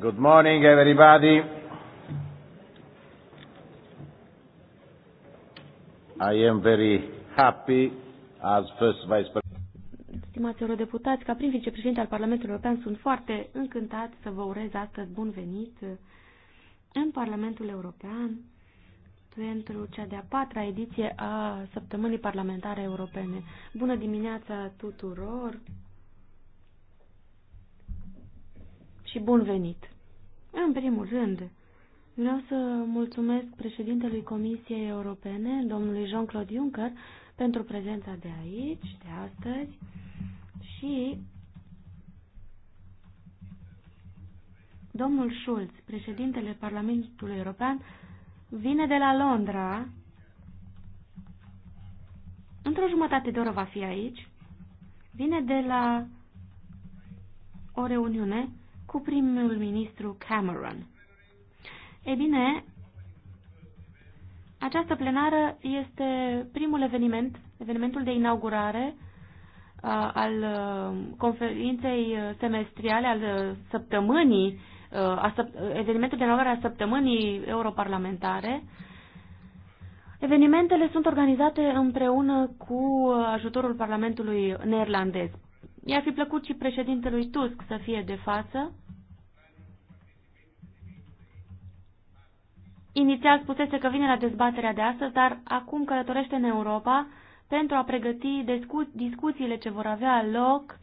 Good morning, everybody. I am very happy as first vice president. Stimați eurodeputați, ca prim vicepreședinte al Parlamentului European, sunt foarte încântat să vă urez astăzi bun venit în Parlamentul European pentru cea de-a patra ediție a Săptămânii Parlamentare Europene. Bună dimineața tuturor! și bun venit. În primul rând, vreau să mulțumesc președintelui Comisiei Europene, domnului Jean-Claude Juncker, pentru prezența de aici, de astăzi și domnul Schulz, președintele Parlamentului European, vine de la Londra. Într-o jumătate de oră va fi aici. Vine de la o reuniune cu primul ministru Cameron. Ei bine, această plenară este primul eveniment, evenimentul de inaugurare al conferinței semestriale, al săptămânii, a evenimentul de inaugurare a săptămânii europarlamentare. Evenimentele sunt organizate împreună cu ajutorul Parlamentului neerlandez. I-ar fi plăcut și președintelui Tusk să fie de față, Inițial spusese că vine la dezbaterea de astăzi, dar acum călătorește în Europa pentru a pregăti discu discuțiile ce vor avea loc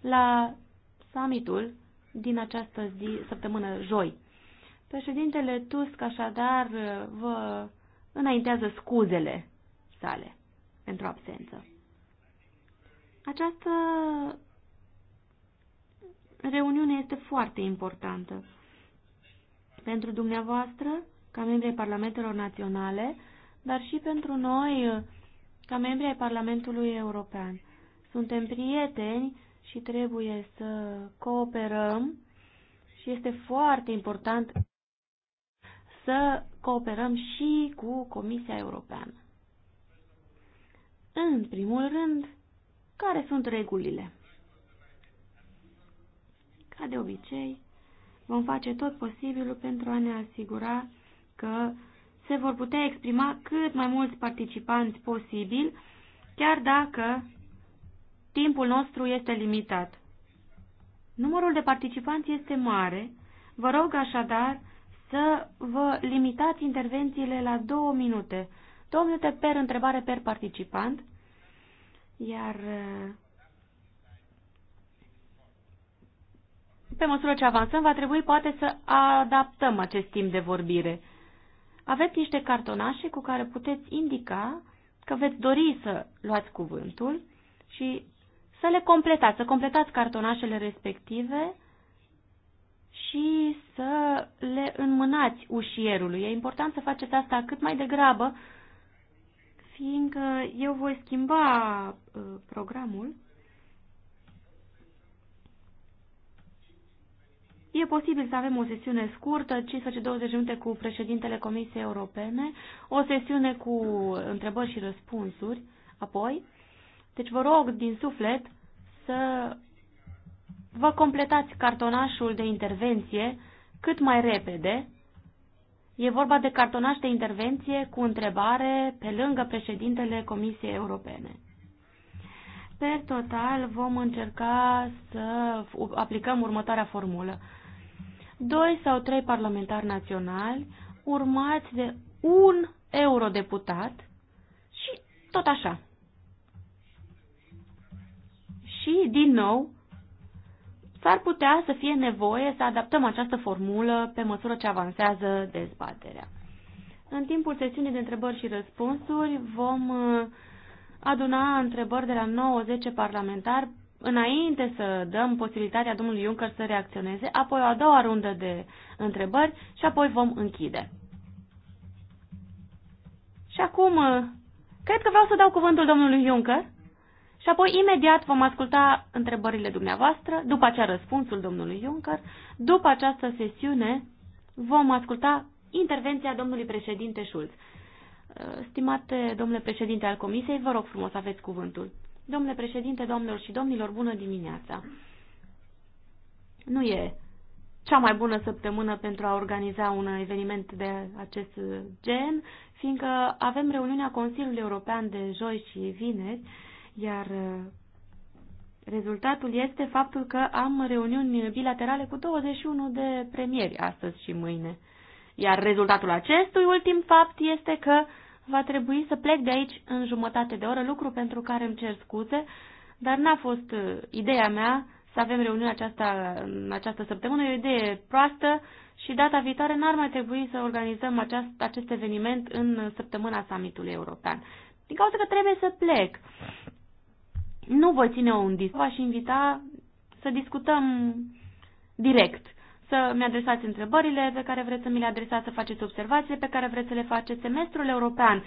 la summitul din această zi, săptămână, joi. Președintele Tusk, așadar, vă înaintează scuzele sale pentru absență. Această reuniune este foarte importantă pentru dumneavoastră ca membri ai Parlamentelor Naționale, dar și pentru noi, ca membri ai Parlamentului European. Suntem prieteni și trebuie să cooperăm și este foarte important să cooperăm și cu Comisia Europeană. În primul rând, care sunt regulile? Ca de obicei, vom face tot posibilul pentru a ne asigura că se vor putea exprima cât mai mulți participanți posibil, chiar dacă timpul nostru este limitat. Numărul de participanți este mare, vă rog așadar să vă limitați intervențiile la două minute, două minute per întrebare per participant, iar pe măsură ce avansăm, va trebui poate să adaptăm acest timp de vorbire. Aveți niște cartonașe cu care puteți indica că veți dori să luați cuvântul și să le completați, să completați cartonașele respective și să le înmânați ușierului. E important să faceți asta cât mai degrabă, fiindcă eu voi schimba uh, programul E posibil să avem o sesiune scurtă, 15-20 minute cu președintele Comisiei Europene, o sesiune cu întrebări și răspunsuri, apoi. Deci vă rog din suflet să vă completați cartonașul de intervenție cât mai repede. E vorba de cartonaș de intervenție cu întrebare pe lângă președintele Comisiei Europene. Pe total vom încerca să aplicăm următoarea formulă doi sau trei parlamentari naționali urmați de un eurodeputat și tot așa. Și, din nou, s-ar putea să fie nevoie să adaptăm această formulă pe măsură ce avansează dezbaterea. În timpul sesiunii de întrebări și răspunsuri vom uh, aduna întrebări de la 9-10 parlamentari înainte să dăm posibilitatea domnului Juncker să reacționeze, apoi o a doua rundă de întrebări și apoi vom închide. Și acum, uh, cred că vreau să dau cuvântul domnului Juncker și apoi imediat vom asculta întrebările dumneavoastră, după aceea răspunsul domnului Juncker, după această sesiune vom asculta intervenția domnului președinte Schulz. Uh, stimate domnule președinte al Comisiei, vă rog frumos, aveți cuvântul. Domnule președinte, domnilor și domnilor, bună dimineața! Nu e cea mai bună săptămână pentru a organiza un eveniment de acest gen, fiindcă avem reuniunea Consiliului European de joi și vineri, iar uh, rezultatul este faptul că am reuniuni bilaterale cu 21 de premieri astăzi și mâine. Iar rezultatul acestui ultim fapt este că Va trebui să plec de aici în jumătate de oră, lucru pentru care îmi cer scuze, dar n-a fost uh, ideea mea să avem reuniunea aceasta în această săptămână. E o idee proastă și data viitoare n-ar mai trebui să organizăm aceast, acest eveniment în săptămâna summitului european. Din cauza că trebuie să plec. Nu voi ține un disc. V-aș invita să discutăm direct să mi-adresați întrebările pe care vreți să mi le adresați, să faceți observațiile pe care vreți să le faceți. Semestrul european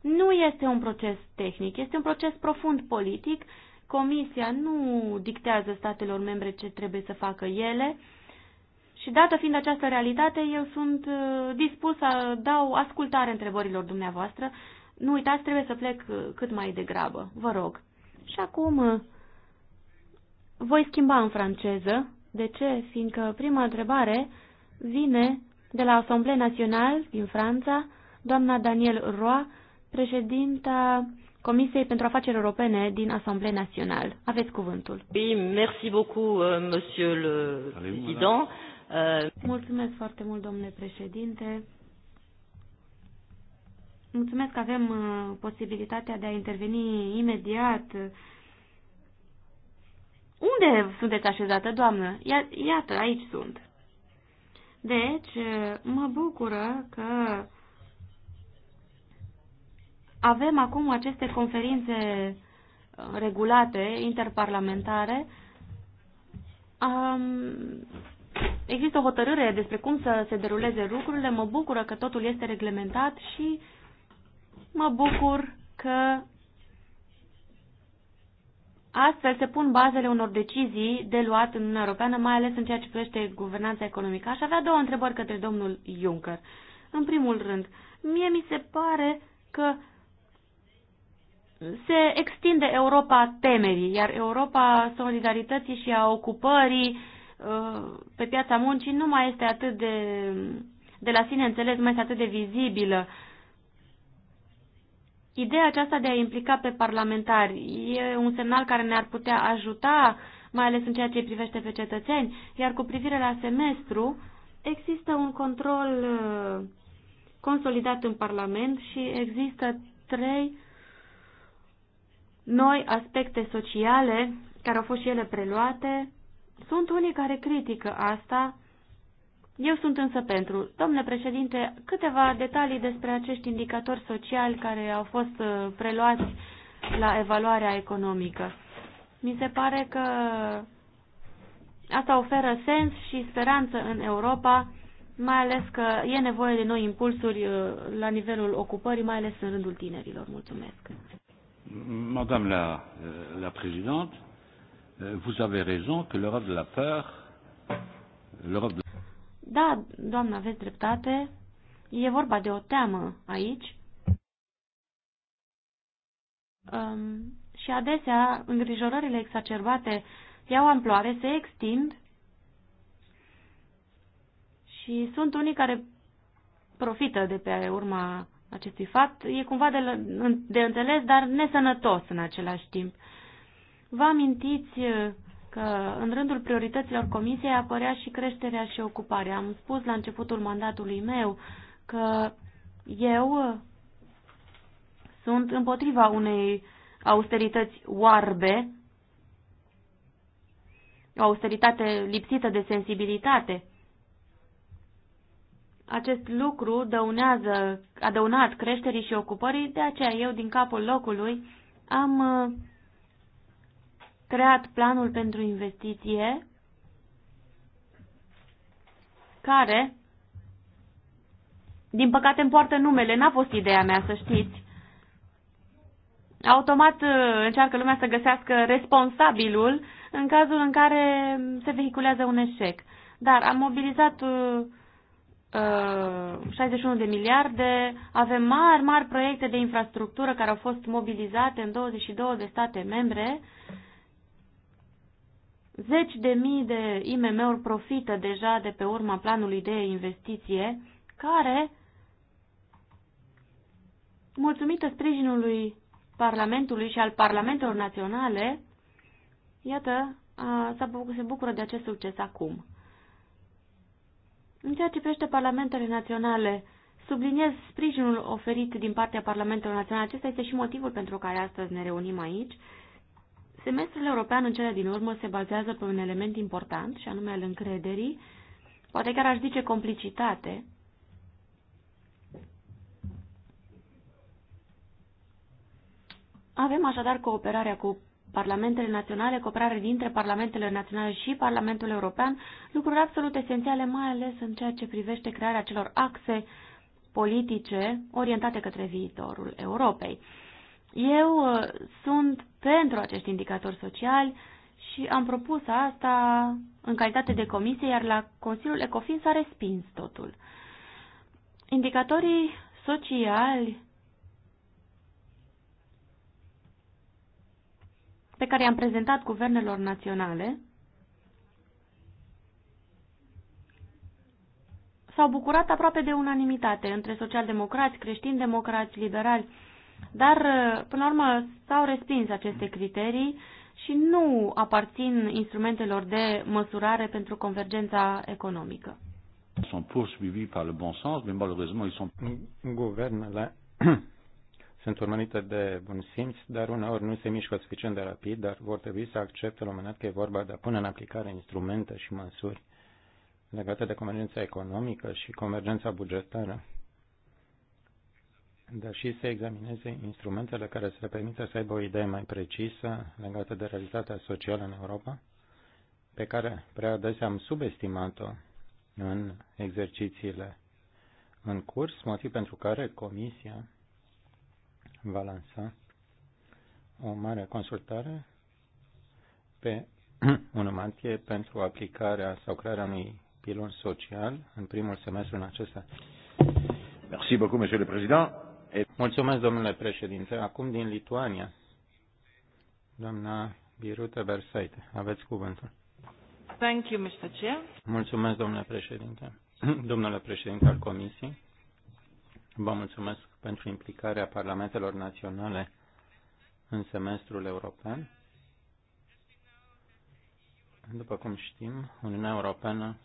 nu este un proces tehnic, este un proces profund politic. Comisia nu dictează statelor membre ce trebuie să facă ele. Și dată fiind această realitate, eu sunt uh, dispus să dau ascultare întrebărilor dumneavoastră. Nu uitați, trebuie să plec uh, cât mai degrabă, vă rog. Și acum uh, voi schimba în franceză de ce? Fiindcă prima întrebare vine de la Asamblea Națională din Franța, doamna Daniel Roa, președinta Comisiei pentru Afaceri Europene din Asamblea Națională. Aveți cuvântul. Oui, merci beaucoup, euh, monsieur le président. Euh, Mulțumesc foarte mult, domnule președinte. Mulțumesc că avem uh, posibilitatea de a interveni imediat unde sunteți așezată, doamnă? Ia, iată, aici sunt. Deci, mă bucură că avem acum aceste conferințe regulate, interparlamentare. Um, există o hotărâre despre cum să se deruleze lucrurile. Mă bucură că totul este reglementat și mă bucur că Astfel se pun bazele unor decizii de luat în Uniunea Europeană, mai ales în ceea ce privește guvernanța economică. Aș avea două întrebări către domnul Juncker. În primul rând, mie mi se pare că se extinde Europa temerii, iar Europa solidarității și a ocupării uh, pe piața muncii nu mai este atât de, de la sine înțeles, nu mai este atât de vizibilă. Ideea aceasta de a implica pe parlamentari e un semnal care ne-ar putea ajuta, mai ales în ceea ce privește pe cetățeni, iar cu privire la semestru, există un control uh, consolidat în Parlament și există trei noi aspecte sociale care au fost și ele preluate. Sunt unii care critică asta, eu sunt însă pentru. Domnule președinte, câteva detalii despre acești indicatori sociali care au fost uh, preluați la evaluarea economică. Mi se pare că asta oferă sens și speranță în Europa, mai ales că e nevoie de noi impulsuri uh, la nivelul ocupării, mai ales în rândul tinerilor. Mulțumesc. Madame la, uh, la Présidente, vous avez raison que l'Europe de la peur, l'Europe da, doamnă, aveți dreptate. E vorba de o teamă aici. Um, și adesea îngrijorările exacerbate iau amploare, se extind și sunt unii care profită de pe urma acestui fapt. E cumva de, de înțeles, dar nesănătos în același timp. Vă amintiți că în rândul priorităților comisiei apărea și creșterea și ocuparea. Am spus la începutul mandatului meu că eu sunt împotriva unei austerități oarbe, o austeritate lipsită de sensibilitate. Acest lucru dăunează, a dăunat creșterii și ocupării, de aceea eu, din capul locului, am uh, creat planul pentru investiție care, din păcate, îmi poartă numele. N-a fost ideea mea, să știți. Automat uh, încearcă lumea să găsească responsabilul în cazul în care se vehiculează un eșec. Dar am mobilizat uh, 61 uh, de miliarde, avem mari, mari proiecte de infrastructură care au fost mobilizate în 22 de state membre, Zeci de mii de IMM-uri profită deja de pe urma planului de investiție, care, mulțumită sprijinului Parlamentului și al Parlamentelor Naționale, iată, se bucură de acest succes acum. În ceea ce privește Parlamentele Naționale, subliniez sprijinul oferit din partea Parlamentelor Naționale. Acesta este și motivul pentru care astăzi ne reunim aici Semestrul european în cele din urmă se bazează pe un element important, și anume al încrederii, poate chiar aș zice complicitate, Avem așadar cooperarea cu parlamentele naționale, cooperare dintre parlamentele naționale și Parlamentul European, lucruri absolut esențiale, mai ales în ceea ce privește crearea celor axe politice orientate către viitorul Europei. Eu uh, sunt pentru acești indicatori sociali și am propus asta în calitate de comisie, iar la Consiliul Ecofin s-a respins totul. Indicatorii sociali pe care i-am prezentat guvernelor naționale s-au bucurat aproape de unanimitate între socialdemocrați, creștini-democrați, liberali, dar, uh, până la urmă, s-au respins aceste criterii și nu aparțin instrumentelor de măsurare pentru convergența economică. Sunt poursuivis par le bon sens, mais malheureusement ils sont... Guvernele sunt urmărite de bun simț, dar uneori nu se mișcă suficient de rapid, dar vor trebui să accepte la un că e vorba de a pune în aplicare instrumente și măsuri legate de convergența economică și convergența bugetară dar și să examineze instrumentele care să le permită să aibă o idee mai precisă legată de realitatea socială în Europa, pe care prea adesea am subestimat-o în exercițiile în curs, motiv pentru care Comisia va lansa o mare consultare pe un martie pentru aplicarea sau crearea unui pilon social în primul semestru în acesta. Merci beaucoup, Monsieur le Président. Mulțumesc, domnule președinte. Acum din Lituania, doamna Biruta Bersaite, aveți cuvântul. Thank you, Mr. Chair. Mulțumesc, domnule președinte. Domnule președinte al Comisiei, vă mulțumesc pentru implicarea parlamentelor naționale în semestrul european. După cum știm, Uniunea Europeană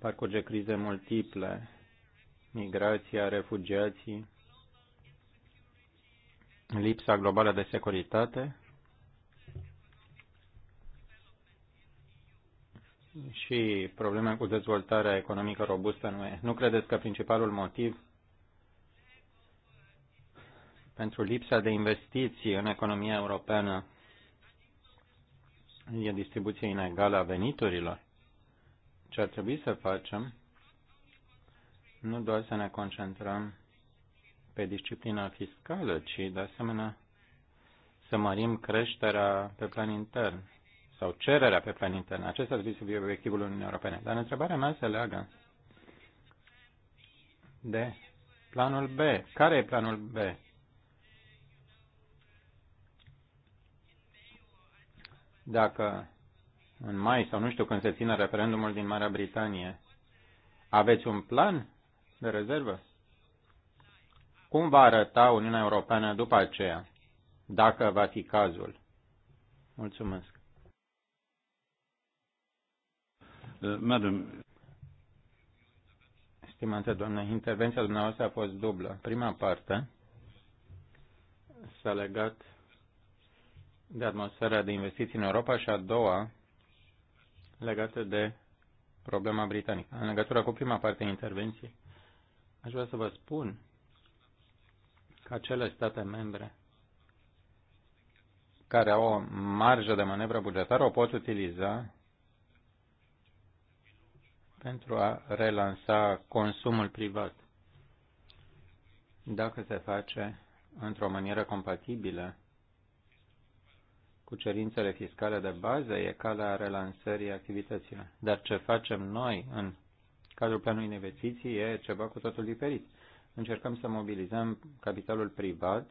parcurge crize multiple migrația, refugiații, lipsa globală de securitate și probleme cu dezvoltarea economică robustă nu e. Nu credeți că principalul motiv pentru lipsa de investiții în economia europeană e distribuția inegală a veniturilor? Ce ar trebui să facem nu doar să ne concentrăm pe disciplina fiscală, ci de asemenea să mărim creșterea pe plan intern sau cererea pe plan intern. Acesta ar fi obiectivul Uniunii Europene. Dar întrebarea mea se leagă de planul B. Care e planul B? Dacă în mai sau nu știu când se ține referendumul din Marea Britanie, aveți un plan de rezervă? Cum va arăta Uniunea Europeană după aceea, dacă va fi cazul? Mulțumesc. Uh, madam. Stimate doamne, intervenția dumneavoastră a fost dublă. Prima parte s-a legat de atmosfera de investiții în Europa și a doua legată de problema britanică. În legătură cu prima parte a intervenției, Aș vrea să vă spun că acele state membre care au o marjă de manevră bugetară o pot utiliza pentru a relansa consumul privat. Dacă se face într-o manieră compatibilă cu cerințele fiscale de bază, e calea relansării activităților. Dar ce facem noi în cadrul planului investiții e ceva cu totul diferit. Încercăm să mobilizăm capitalul privat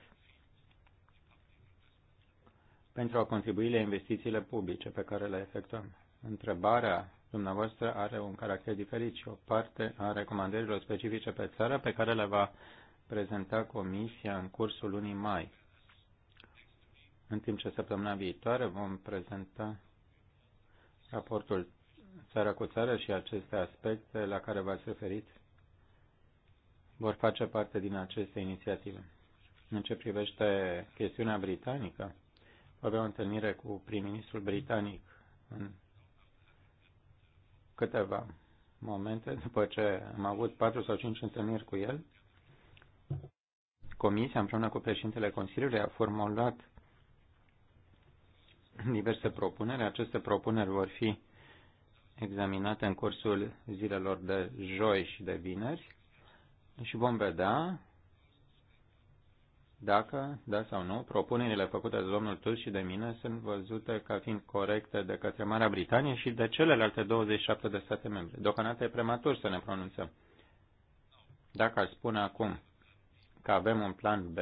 pentru a contribui la investițiile publice pe care le efectuăm. Întrebarea dumneavoastră are un caracter diferit și o parte a recomandărilor specifice pe țară pe care le va prezenta Comisia în cursul lunii mai. În timp ce săptămâna viitoare vom prezenta raportul țara cu țară și aceste aspecte la care v-ați referit vor face parte din aceste inițiative. În ce privește chestiunea britanică, avea o întâlnire cu prim-ministrul britanic în câteva momente după ce am avut patru sau cinci întâlniri cu el. Comisia, împreună cu președintele Consiliului, a formulat diverse propuneri. Aceste propuneri vor fi examinate în cursul zilelor de joi și de vineri și vom vedea dacă, da sau nu, propunerile făcute de domnul Tusk și de mine sunt văzute ca fiind corecte de către Marea Britanie și de celelalte 27 de state membre. Deocamdată e prematur să ne pronunțăm. Dacă ar spune acum că avem un plan B,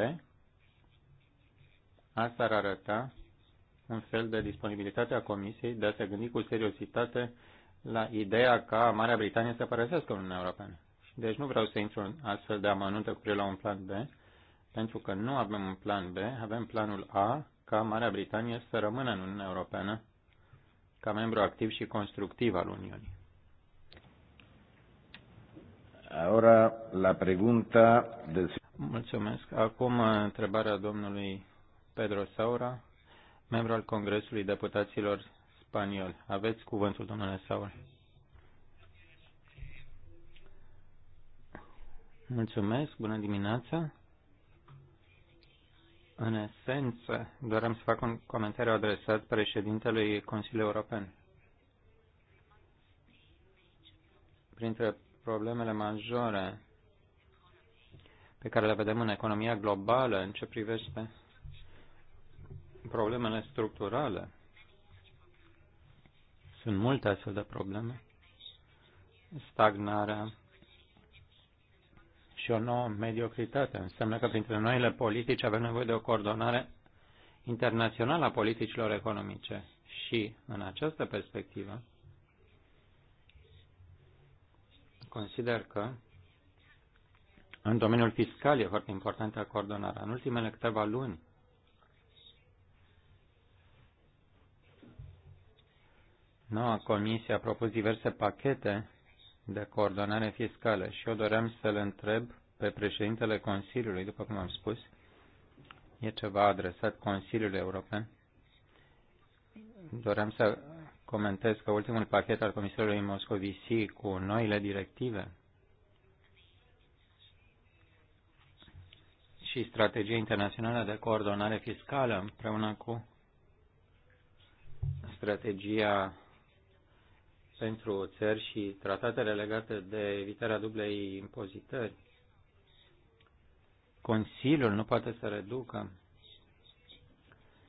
asta ar arăta un fel de disponibilitate a Comisiei de a se gândi cu seriozitate la ideea ca Marea Britanie să părăsească Uniunea Europeană. Deci nu vreau să intru în astfel de amănuntă cu la un plan B, pentru că nu avem un plan B, avem planul A, ca Marea Britanie să rămână în Uniunea Europeană ca membru activ și constructiv al Uniunii. Ahora la pregunta de... Mulțumesc. Acum întrebarea domnului Pedro Saura, membru al Congresului Deputaților spaniol. Aveți cuvântul, domnule Saul. Mulțumesc, bună dimineața. În esență, doar am să fac un comentariu adresat președintelui Consiliului European. Printre problemele majore pe care le vedem în economia globală în ce privește problemele structurale sunt multe astfel de probleme. Stagnarea și o nouă mediocritate. Înseamnă că printre noile politici avem nevoie de o coordonare internațională a politicilor economice. Și în această perspectivă, consider că în domeniul fiscal e foarte importantă coordonarea. În ultimele câteva luni, Noua comisie a propus diverse pachete de coordonare fiscală și eu doream să-l întreb pe președintele Consiliului, după cum am spus, e ceva adresat Consiliului European. Doream să comentez că ultimul pachet al Comisiei Moscovici cu noile directive și strategia internațională de coordonare fiscală împreună cu strategia pentru țări și tratatele legate de evitarea dublei impozitări. Consiliul nu poate să reducă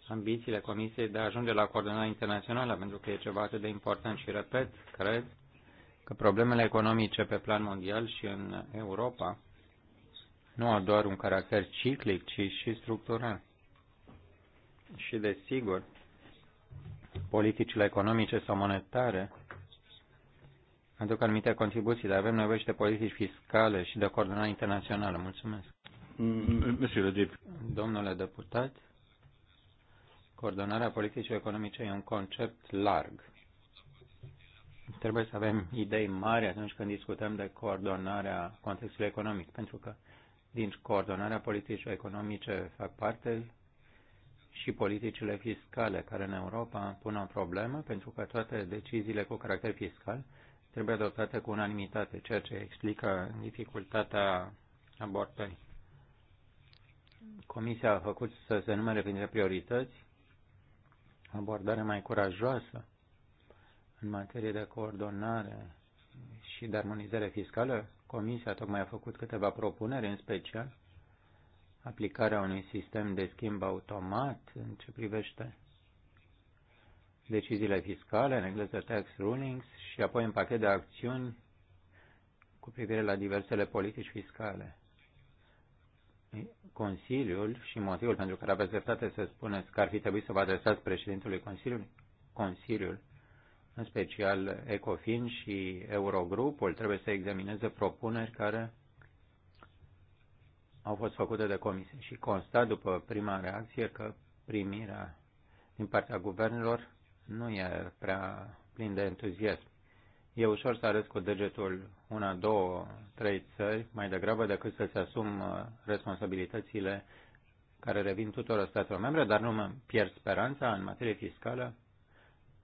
ambițiile Comisiei de a ajunge la coordonarea internațională, pentru că e ceva atât de important și, repet, cred că problemele economice pe plan mondial și în Europa nu au doar un caracter ciclic, ci și structural. Și, desigur, politicile economice sau monetare aduc anumite contribuții, dar avem nevoie și de politici fiscale și de coordonare internațională. Mulțumesc. Mm, Domnule deputat, coordonarea politicii economice e un concept larg. Trebuie să avem idei mari atunci când discutăm de coordonarea contextului economic, pentru că din coordonarea politicii economice fac parte și politicile fiscale, care în Europa pun o problemă, pentru că toate deciziile cu caracter fiscal trebuie adoptată cu unanimitate, ceea ce explică dificultatea abortării. Comisia a făcut să se numere printre priorități o abordare mai curajoasă în materie de coordonare și de armonizare fiscală. Comisia tocmai a făcut câteva propuneri, în special aplicarea unui sistem de schimb automat în ce privește deciziile fiscale, în engleză tax rulings, și apoi un pachet de acțiuni cu privire la diversele politici fiscale. Consiliul și motivul pentru care aveți dreptate să spuneți că ar fi trebuit să vă adresați președintului Consiliului, Consiliul, în special ECOFIN și Eurogrupul, trebuie să examineze propuneri care au fost făcute de comisie și constat după prima reacție că primirea din partea guvernelor nu e prea plin de entuziasm. E ușor să arăți cu degetul una, două, trei țări, mai degrabă decât să se asum uh, responsabilitățile care revin tuturor statelor membre, dar nu mă pierd speranța în materie fiscală.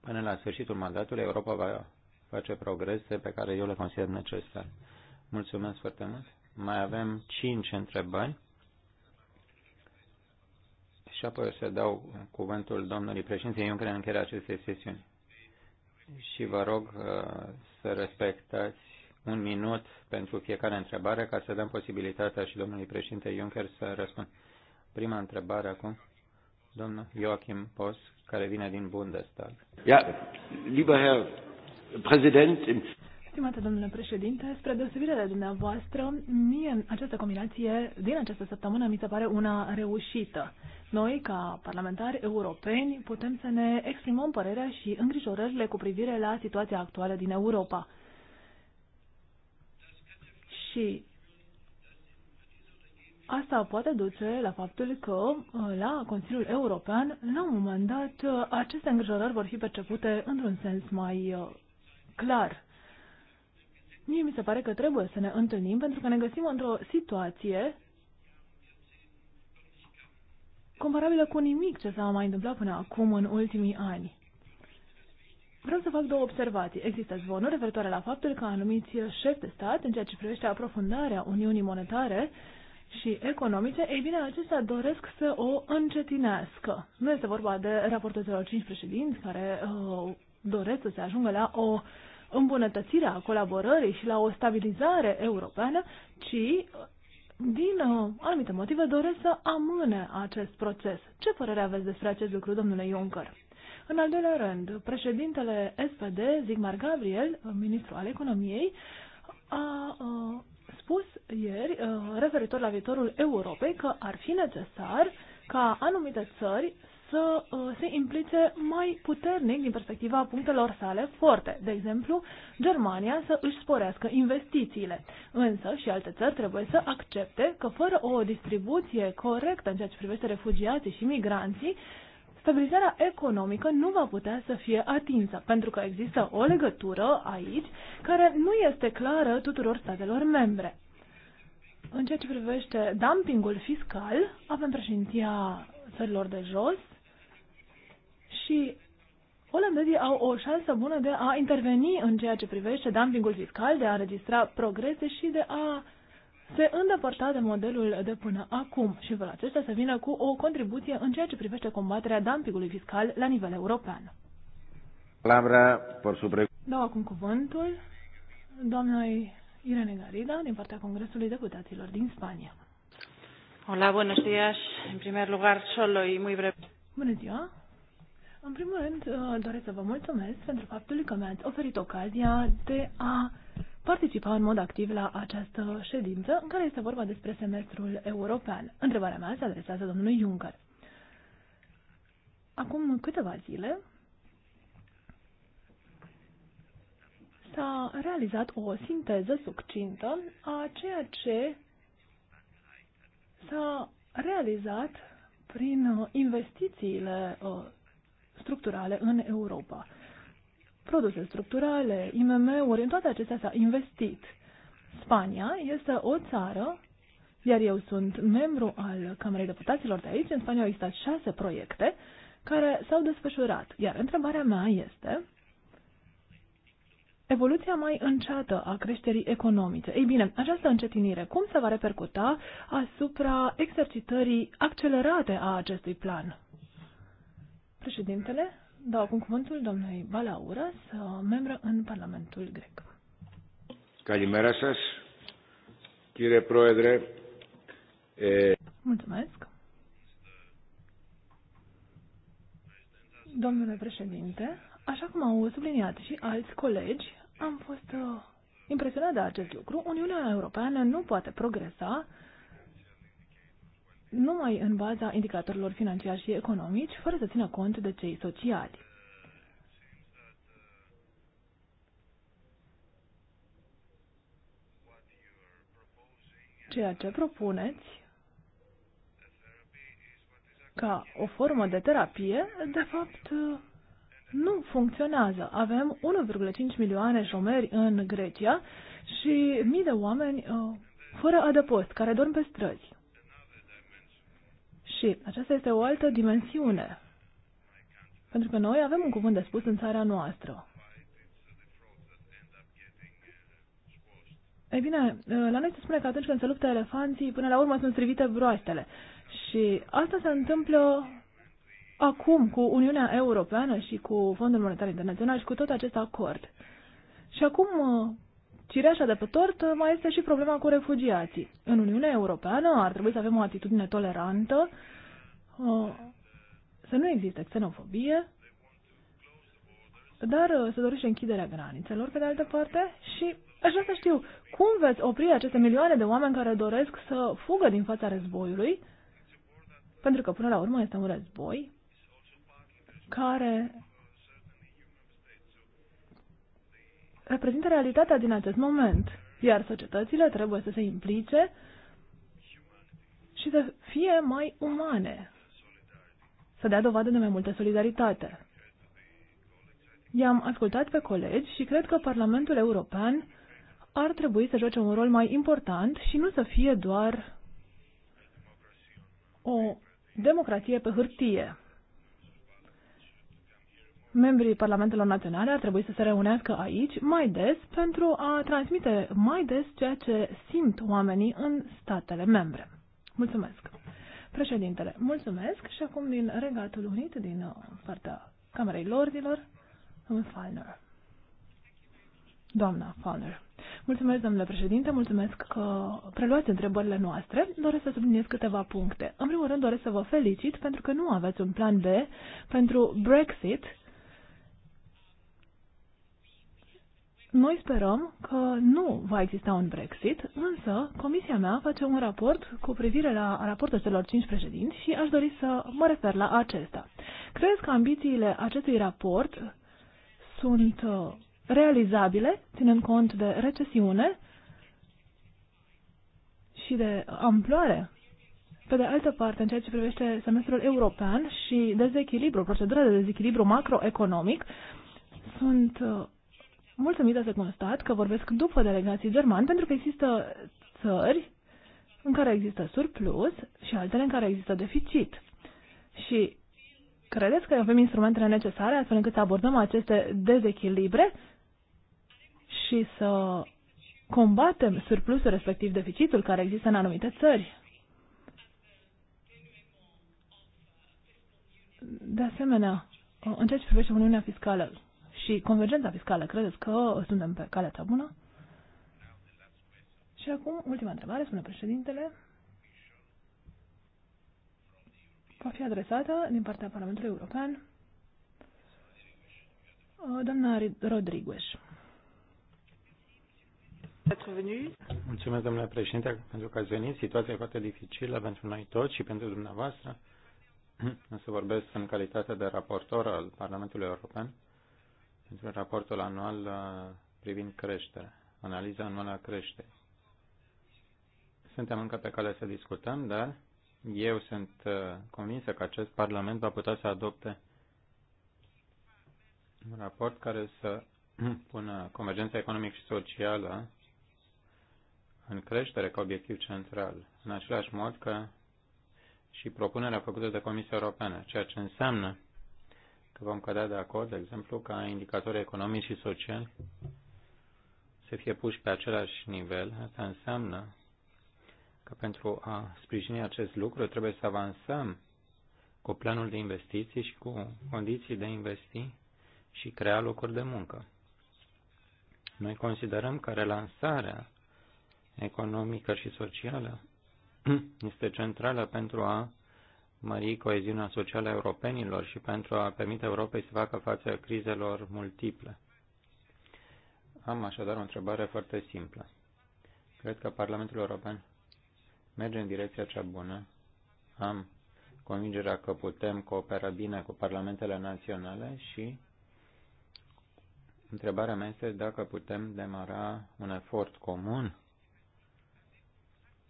Până la sfârșitul mandatului, Europa va face progrese pe care eu le consider necesare. Mulțumesc foarte mult. Mai avem cinci întrebări și apoi o să dau cuvântul domnului președinte Juncker în încheierea acestei sesiuni. Și vă rog uh, să respectați un minut pentru fiecare întrebare ca să dăm posibilitatea și domnului președinte Juncker să răspundă. Prima întrebare acum, domnul Joachim Pos, care vine din Bundestag. Ja, lieber Herr Präsident, Stimate domnule președinte, spre deosebire de dumneavoastră, mie această combinație din această săptămână mi se pare una reușită. Noi, ca parlamentari europeni, putem să ne exprimăm părerea și îngrijorările cu privire la situația actuală din Europa. Și Asta poate duce la faptul că la Consiliul European, la un moment dat, aceste îngrijorări vor fi percepute într-un sens mai uh, clar. Mie mi se pare că trebuie să ne întâlnim pentru că ne găsim într-o situație comparabilă cu nimic ce s-a mai întâmplat până acum în ultimii ani. Vreau să fac două observații. Există zvonuri referitoare la faptul că anumiți șefi de stat, în ceea ce privește aprofundarea Uniunii Monetare și economice, ei bine, acestea doresc să o încetinească. Nu este vorba de raportul celor cinci președinți care uh, doresc să se ajungă la o uh, îmbunătățirea colaborării și la o stabilizare europeană, ci din uh, anumite motive doresc să amâne acest proces. Ce părere aveți despre acest lucru, domnule Juncker? În al doilea rând, președintele SPD, Zigmar Gabriel, ministru al economiei, a uh, spus ieri, uh, referitor la viitorul Europei, că ar fi necesar ca anumite țări să uh, se implice mai puternic din perspectiva punctelor sale forte, de exemplu, Germania să își sporească investițiile. Însă și alte țări trebuie să accepte că fără o distribuție corectă în ceea ce privește refugiații și migranții, stabilizarea economică nu va putea să fie atinsă, pentru că există o legătură aici care nu este clară tuturor statelor membre. În ceea ce privește dumpingul fiscal, avem președinția țărilor de jos, și olandezii au o șansă bună de a interveni în ceea ce privește dumpingul fiscal, de a registra progrese și de a se îndepărta de modelul de până acum și vor acesta să vină cu o contribuție în ceea ce privește combaterea dumpingului fiscal la nivel european. Palabra por su Dau acum cuvântul doamnei Irene Garida din partea Congresului Deputaților din Spania. Hola, buenos días. En primer lugar, solo y muy breve. Bună ziua. În primul rând, uh, doresc să vă mulțumesc pentru faptul că mi-ați oferit ocazia de a participa în mod activ la această ședință în care este vorba despre semestrul european. Întrebarea mea se adresează domnului Juncker. Acum câteva zile s-a realizat o sinteză succintă a ceea ce s-a realizat prin investițiile uh, structurale în Europa. Produse structurale, IMM-uri, în toate acestea s-a investit. Spania este o țară, iar eu sunt membru al Camerei Deputaților de aici, în Spania au existat șase proiecte care s-au desfășurat. Iar întrebarea mea este, evoluția mai înceată a creșterii economice. Ei bine, această încetinire cum se va repercuta asupra exercitării accelerate a acestui plan? Președintele, dau acum cuvântul domnului Balauras, uh, membră în Parlamentul grec. Calimera sas, chire proedre. E... Mulțumesc. Domnule președinte, așa cum au subliniat și alți colegi, am fost uh, impresionat de acest lucru. Uniunea Europeană nu poate progresa numai în baza indicatorilor financiari și economici, fără să țină cont de cei sociali. Ceea ce propuneți ca o formă de terapie, de fapt, nu funcționează. Avem 1,5 milioane șomeri în Grecia și mii de oameni uh, fără adăpost, care dorm pe străzi. Și aceasta este o altă dimensiune. Pentru că noi avem un cuvânt de spus în țara noastră. Ei bine, la noi se spune că atunci când se luptă elefanții, până la urmă sunt strivite broastele. Și asta se întâmplă acum cu Uniunea Europeană și cu Fondul Monetar Internațional și cu tot acest acord. Și acum Cireașa de pe tort uh, mai este și problema cu refugiații. În Uniunea Europeană ar trebui să avem o atitudine tolerantă, uh, să nu existe xenofobie, dar uh, se dorește închiderea granițelor, pe de altă parte, și aș vrea să știu cum veți opri aceste milioane de oameni care doresc să fugă din fața războiului, pentru că până la urmă este un război care reprezintă realitatea din acest moment, iar societățile trebuie să se implice și să fie mai umane, să dea dovadă de mai multă solidaritate. I-am ascultat pe colegi și cred că Parlamentul European ar trebui să joace un rol mai important și nu să fie doar o democrație pe hârtie membrii Parlamentelor Naționale ar trebui să se reunească aici mai des pentru a transmite mai des ceea ce simt oamenii în statele membre. Mulțumesc. Președintele, mulțumesc și acum din Regatul Unit, din uh, partea Camerei Lordilor, domnul Falner. Doamna Falner. Mulțumesc, domnule președinte, mulțumesc că preluați întrebările noastre. Doresc să subliniez câteva puncte. În primul rând, doresc să vă felicit pentru că nu aveți un plan B pentru Brexit Noi sperăm că nu va exista un Brexit, însă comisia mea face un raport cu privire la raportul celor cinci președinți și aș dori să mă refer la acesta. Cred că ambițiile acestui raport sunt uh, realizabile, ținând cont de recesiune și de amploare. Pe de altă parte, în ceea ce privește semestrul european și dezechilibru, procedura de dezechilibru macroeconomic, sunt uh, mulțumită să constat că vorbesc după delegații germani, pentru că există țări în care există surplus și altele în care există deficit. Și credeți că avem instrumentele necesare astfel încât să abordăm aceste dezechilibre și să combatem surplusul, respectiv deficitul care există în anumite țări? De asemenea, în ceea ce privește Uniunea Fiscală, și convergența fiscală, credeți că suntem pe calea cea bună? Și acum, ultima întrebare, spune președintele, va fi adresată din partea Parlamentului European uh, doamna Rodriguez. Mulțumesc, domnule președinte, pentru că ați venit. Situația e foarte dificilă pentru noi toți și pentru dumneavoastră. Însă vorbesc în calitate de raportor al Parlamentului European pentru raportul anual uh, privind creștere, analiza anuală a creșterii. Suntem încă pe cale să discutăm, dar eu sunt uh, convinsă că acest Parlament va putea să adopte un raport care să pună convergența economică și socială în creștere ca obiectiv central, în același mod că și propunerea făcută de Comisia Europeană, ceea ce înseamnă că vom cădea de acord, de exemplu, ca indicatorii economici și sociali să fie puși pe același nivel. Asta înseamnă că pentru a sprijini acest lucru trebuie să avansăm cu planul de investiții și cu condiții de investi și crea locuri de muncă. Noi considerăm că relansarea economică și socială este centrală pentru a mări coeziunea socială a europenilor și pentru a permite Europei să facă față crizelor multiple. Am așadar o întrebare foarte simplă. Cred că Parlamentul European merge în direcția cea bună. Am convingerea că putem coopera bine cu parlamentele naționale și întrebarea mea este dacă putem demara un efort comun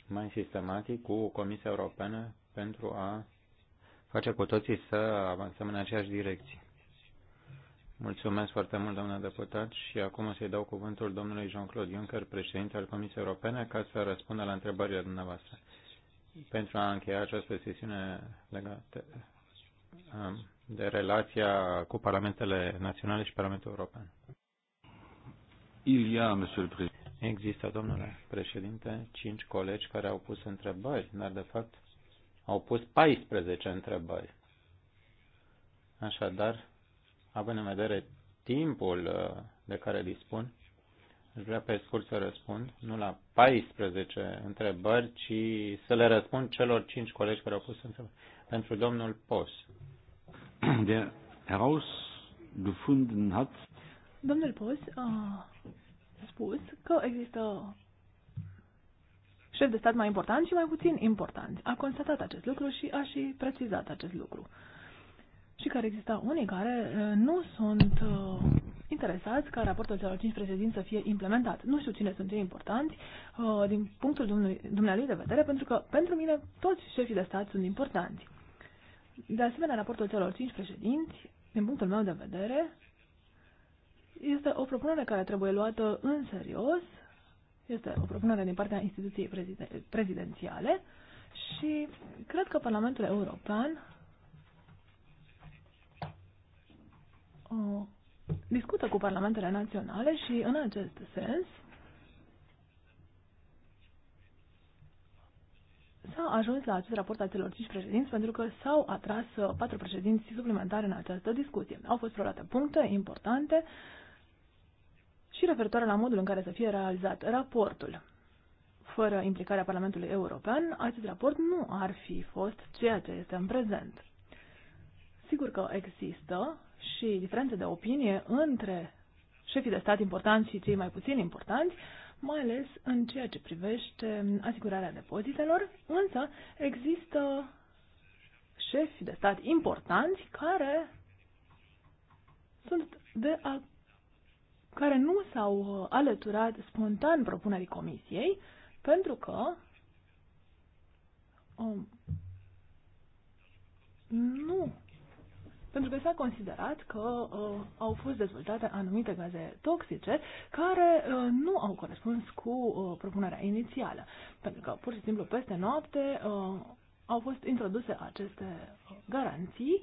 mai sistematic cu Comisia Europeană pentru a face cu toții să avansăm în aceeași direcție. Mulțumesc foarte mult, doamna deputat, și acum o să-i dau cuvântul domnului Jean-Claude Juncker, președinte al Comisiei Europene, ca să răspundă la întrebările dumneavoastră. Pentru a încheia această sesiune legată um, de relația cu parlamentele naționale și Parlamentul European. Ilia, președinte. Există, domnule președinte, cinci colegi care au pus întrebări, dar de fapt au pus 14 întrebări. Așadar, având în vedere timpul uh, de care dispun, aș vrea pe scurt să răspund, nu la 14 întrebări, ci să le răspund celor 5 colegi care au pus întrebări. Pentru domnul Pos. Der herausgefunden hat. Domnul Pos a spus că există șef de stat mai important și mai puțin important. A constatat acest lucru și a și precizat acest lucru. Și care exista unii care uh, nu sunt uh, interesați ca raportul celor 5 președinți să fie implementat. Nu știu cine sunt cei importanți uh, din punctul dumnealui de vedere, pentru că pentru mine toți șefii de stat sunt importanți. De asemenea, raportul celor 5 președinți, din punctul meu de vedere, este o propunere care trebuie luată în serios este o propunere din partea instituției preziden prezidențiale și cred că Parlamentul European o discută cu parlamentele naționale și în acest sens s-a ajuns la acest raport al celor 5 președinți pentru că s-au atras uh, patru președinți suplimentare în această discuție. Au fost preluate puncte importante și referitoare la modul în care să fie realizat raportul. Fără implicarea Parlamentului European, acest raport nu ar fi fost ceea ce este în prezent. Sigur că există și diferențe de opinie între șefii de stat importanți și cei mai puțin importanți, mai ales în ceea ce privește asigurarea depozitelor, însă există șefi de stat importanți care sunt de care nu s-au uh, alăturat spontan propunerii comisiei, pentru că um, nu. Pentru că s-a considerat că uh, au fost dezvoltate anumite gaze toxice care uh, nu au corespuns cu uh, propunerea inițială. Pentru că pur și simplu peste noapte uh, au fost introduse aceste uh, garanții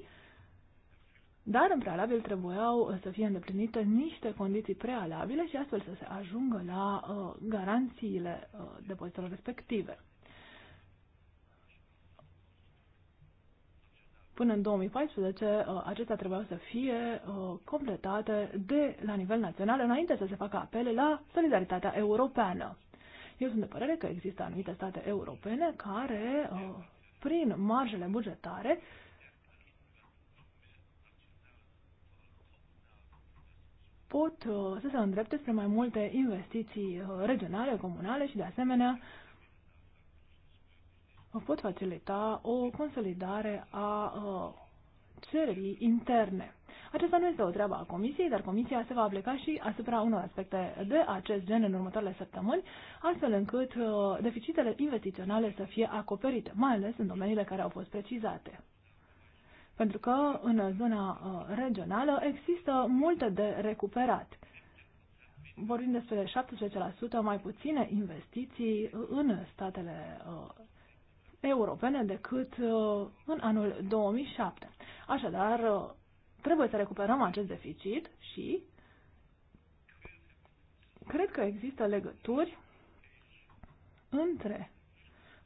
dar în prealabil trebuiau uh, să fie îndeplinite niște condiții prealabile și astfel să se ajungă la uh, garanțiile uh, depozitelor respective. Până în 2014, uh, acestea trebuiau să fie uh, completate de la nivel național înainte să se facă apele la solidaritatea europeană. Eu sunt de părere că există anumite state europene care, uh, prin marjele bugetare, pot uh, să se îndrepte spre mai multe investiții uh, regionale, comunale și, de asemenea, pot facilita o consolidare a cererii uh, interne. Aceasta nu este o treabă a Comisiei, dar Comisia se va aplica și asupra unor aspecte de acest gen în următoarele săptămâni, astfel încât deficitele investiționale să fie acoperite, mai ales în domeniile care au fost precizate pentru că în zona uh, regională există multe de recuperat. Vorbim despre 17% mai puține investiții uh, în statele uh, europene decât în anul 2007. Așadar, trebuie să recuperăm acest deficit și cred că există legături între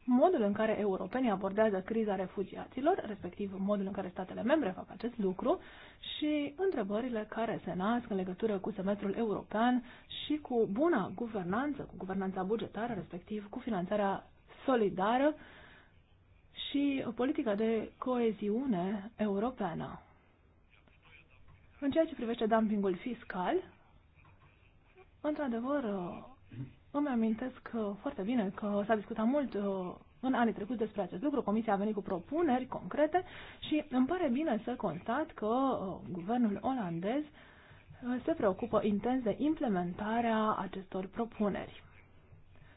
modul în care europenii abordează criza refugiaților, respectiv modul în care statele membre fac acest lucru și întrebările care se nasc în legătură cu semestrul european și cu buna guvernanță, cu guvernanța bugetară, respectiv cu finanțarea solidară și politica de coeziune europeană. În ceea ce privește dumpingul fiscal, într-adevăr, îmi amintesc uh, foarte bine că s-a discutat mult uh, în anii trecuți despre acest lucru. Comisia a venit cu propuneri concrete și îmi pare bine să constat că uh, guvernul olandez se preocupă intens de implementarea acestor propuneri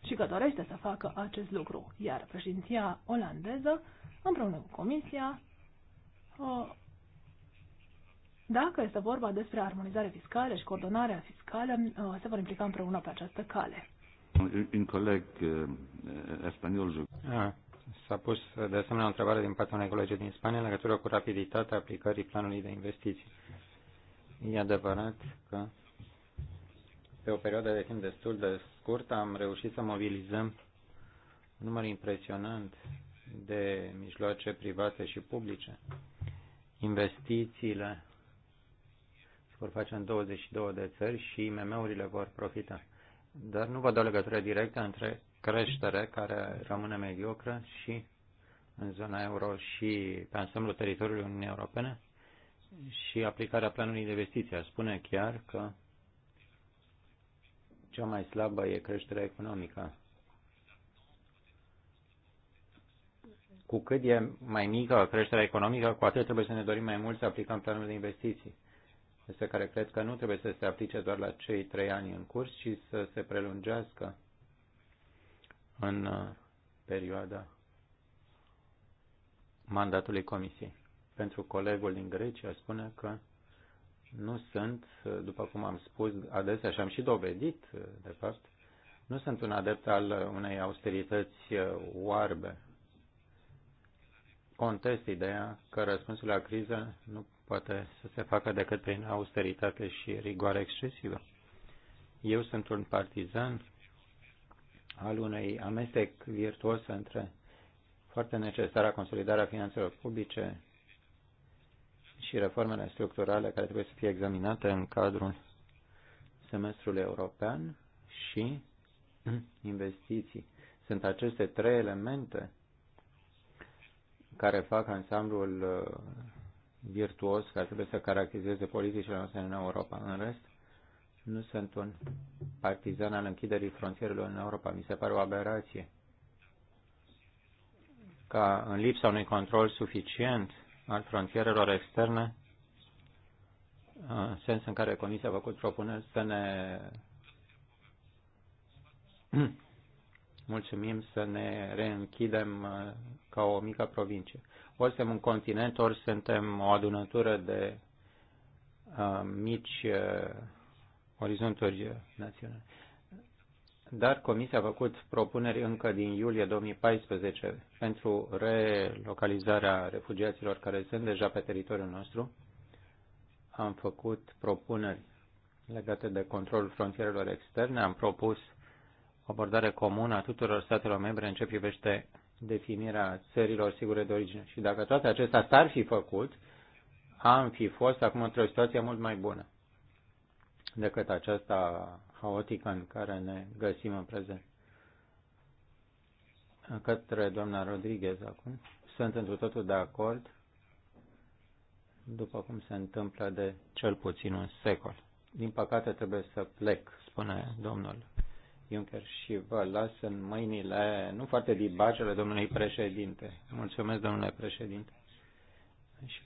și că dorește să facă acest lucru. Iar președinția olandeză, împreună cu Comisia, dacă este vorba despre armonizare fiscală și coordonarea fiscală, se vor implica împreună pe această cale. Un coleg eh, spaniol. Ah, s-a pus de asemenea o întrebare din partea unei colegi din Spania în legătură cu rapiditatea aplicării planului de investiții. E adevărat că pe o perioadă de timp destul de scurtă am reușit să mobilizăm un număr impresionant de mijloace private și publice. Investițiile se vor face în 22 de țări și IMM-urile vor profita dar nu văd o legătură directă între creștere, care rămâne mediocră, și în zona euro și pe ansamblu teritoriului Uniunii Europene, și aplicarea planului de investiții. Ar spune chiar că cea mai slabă e creșterea economică. Cu cât e mai mică creșterea economică, cu atât trebuie să ne dorim mai mult să aplicăm planul de investiții despre care cred că nu trebuie să se aplice doar la cei trei ani în curs, ci să se prelungească în uh, perioada mandatului comisiei. Pentru colegul din Grecia spune că nu sunt, uh, după cum am spus adesea și am și dovedit, uh, de fapt, nu sunt un adept al unei austerități oarbe. Contest ideea că răspunsul la criză nu poate să se facă decât prin austeritate și rigoare excesivă. Eu sunt un partizan al unei amestec virtuos între foarte necesară consolidarea finanțelor publice și reformele structurale care trebuie să fie examinate în cadrul semestrului european și investiții. Sunt aceste trei elemente care fac ansamblul uh, virtuos care trebuie să caracterizeze politicile noastre în Europa. În rest, nu sunt un partizan al închiderii frontierelor în Europa. Mi se pare o aberație ca în lipsa unui control suficient al frontierelor externe, în sens în care Comisia a făcut propuneri să ne mulțumim să ne reînchidem uh, ca o mică provincie. Ori suntem un continent, ori suntem o adunătură de uh, mici uh, orizonturi naționale. Dar Comisia a făcut propuneri încă din iulie 2014 pentru relocalizarea refugiaților care sunt deja pe teritoriul nostru. Am făcut propuneri legate de controlul frontierelor externe. Am propus abordare comună a tuturor statelor membre în ce privește definirea țărilor sigure de origine. Și dacă toate acestea s-ar fi făcut, am fi fost acum într-o situație mult mai bună decât aceasta haotică în care ne găsim în prezent. Către doamna Rodriguez acum. Sunt într totul de acord, după cum se întâmplă de cel puțin un secol. Din păcate trebuie să plec, spune domnul Juncker și vă las în mâinile, nu foarte dibacele, domnului președinte. Mulțumesc, domnule președinte, și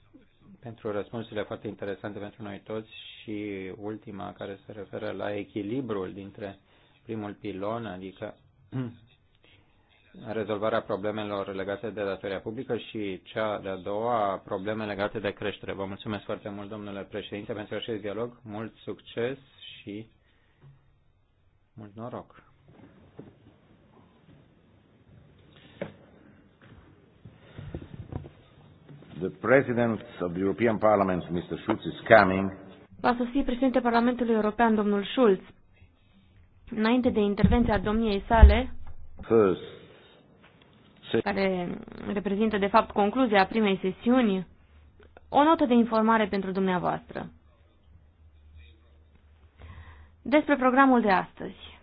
pentru răspunsurile foarte interesante pentru noi toți și ultima care se referă la echilibrul dintre primul pilon, adică rezolvarea problemelor legate de datoria publică și cea de-a doua, probleme legate de creștere. Vă mulțumesc foarte mult, domnule președinte, pentru acest dialog. Mult succes și mult noroc! The President of the European Parliament, Mr. Schulz, is coming. Va sosi președintele Parlamentului European, domnul Schulz. Înainte de intervenția domniei sale, First. care reprezintă de fapt concluzia primei sesiuni, o notă de informare pentru dumneavoastră. Despre programul de astăzi.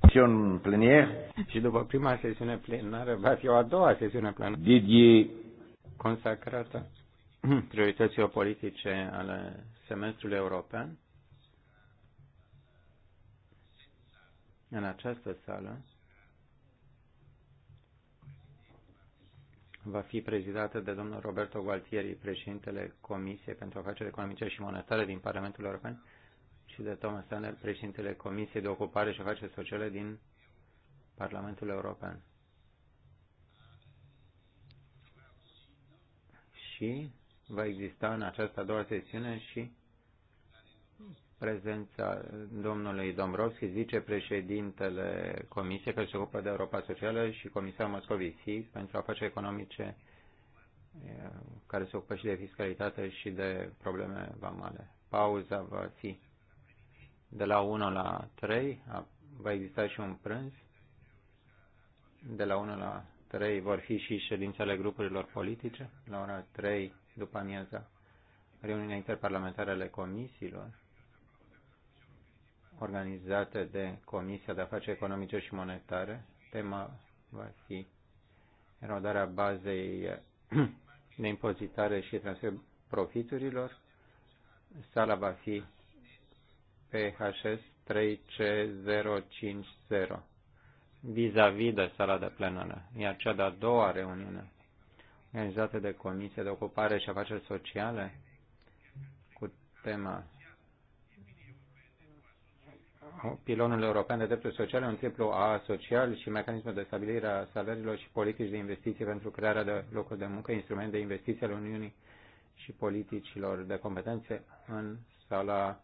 Sesiune plenier. Și după prima sesiune plenară va fi o a doua sesiune plenară. Didier. Consacrată priorităților politice ale semestrului european. În această sală va fi prezidată de domnul Roberto Gualtieri, președintele Comisiei pentru Afaceri Economice și Monetare din Parlamentul European și de Thomas Sander, președintele Comisiei de Ocupare și Afaceri Sociale din Parlamentul European. Și va exista în această a doua sesiune și prezența domnului Dombrovski, vicepreședintele Comisiei care se ocupă de Europa Socială și comisia Moscovici pentru afaceri economice care se ocupă și de fiscalitate și de probleme vamale. Pauza va fi de la 1 la 3 va exista și un prânz. De la 1 la 3 vor fi și ședințele grupurilor politice. La ora 3 după amiaza reuniunea interparlamentară ale comisiilor organizate de Comisia de Afaceri Economice și Monetare. Tema va fi erodarea bazei de impozitare și transfer profiturilor. Sala va fi PHS 3C050 vis-a-vis de sala de plenară, iar cea de-a doua reuniune organizată de comisie de Ocupare și Afaceri Sociale cu tema pilonul european de drepturi sociale, un triplu A social și mecanismul de stabilire a salariilor și politici de investiții pentru crearea de locuri de muncă, instrument de investiții ale Uniunii și politicilor de competențe în sala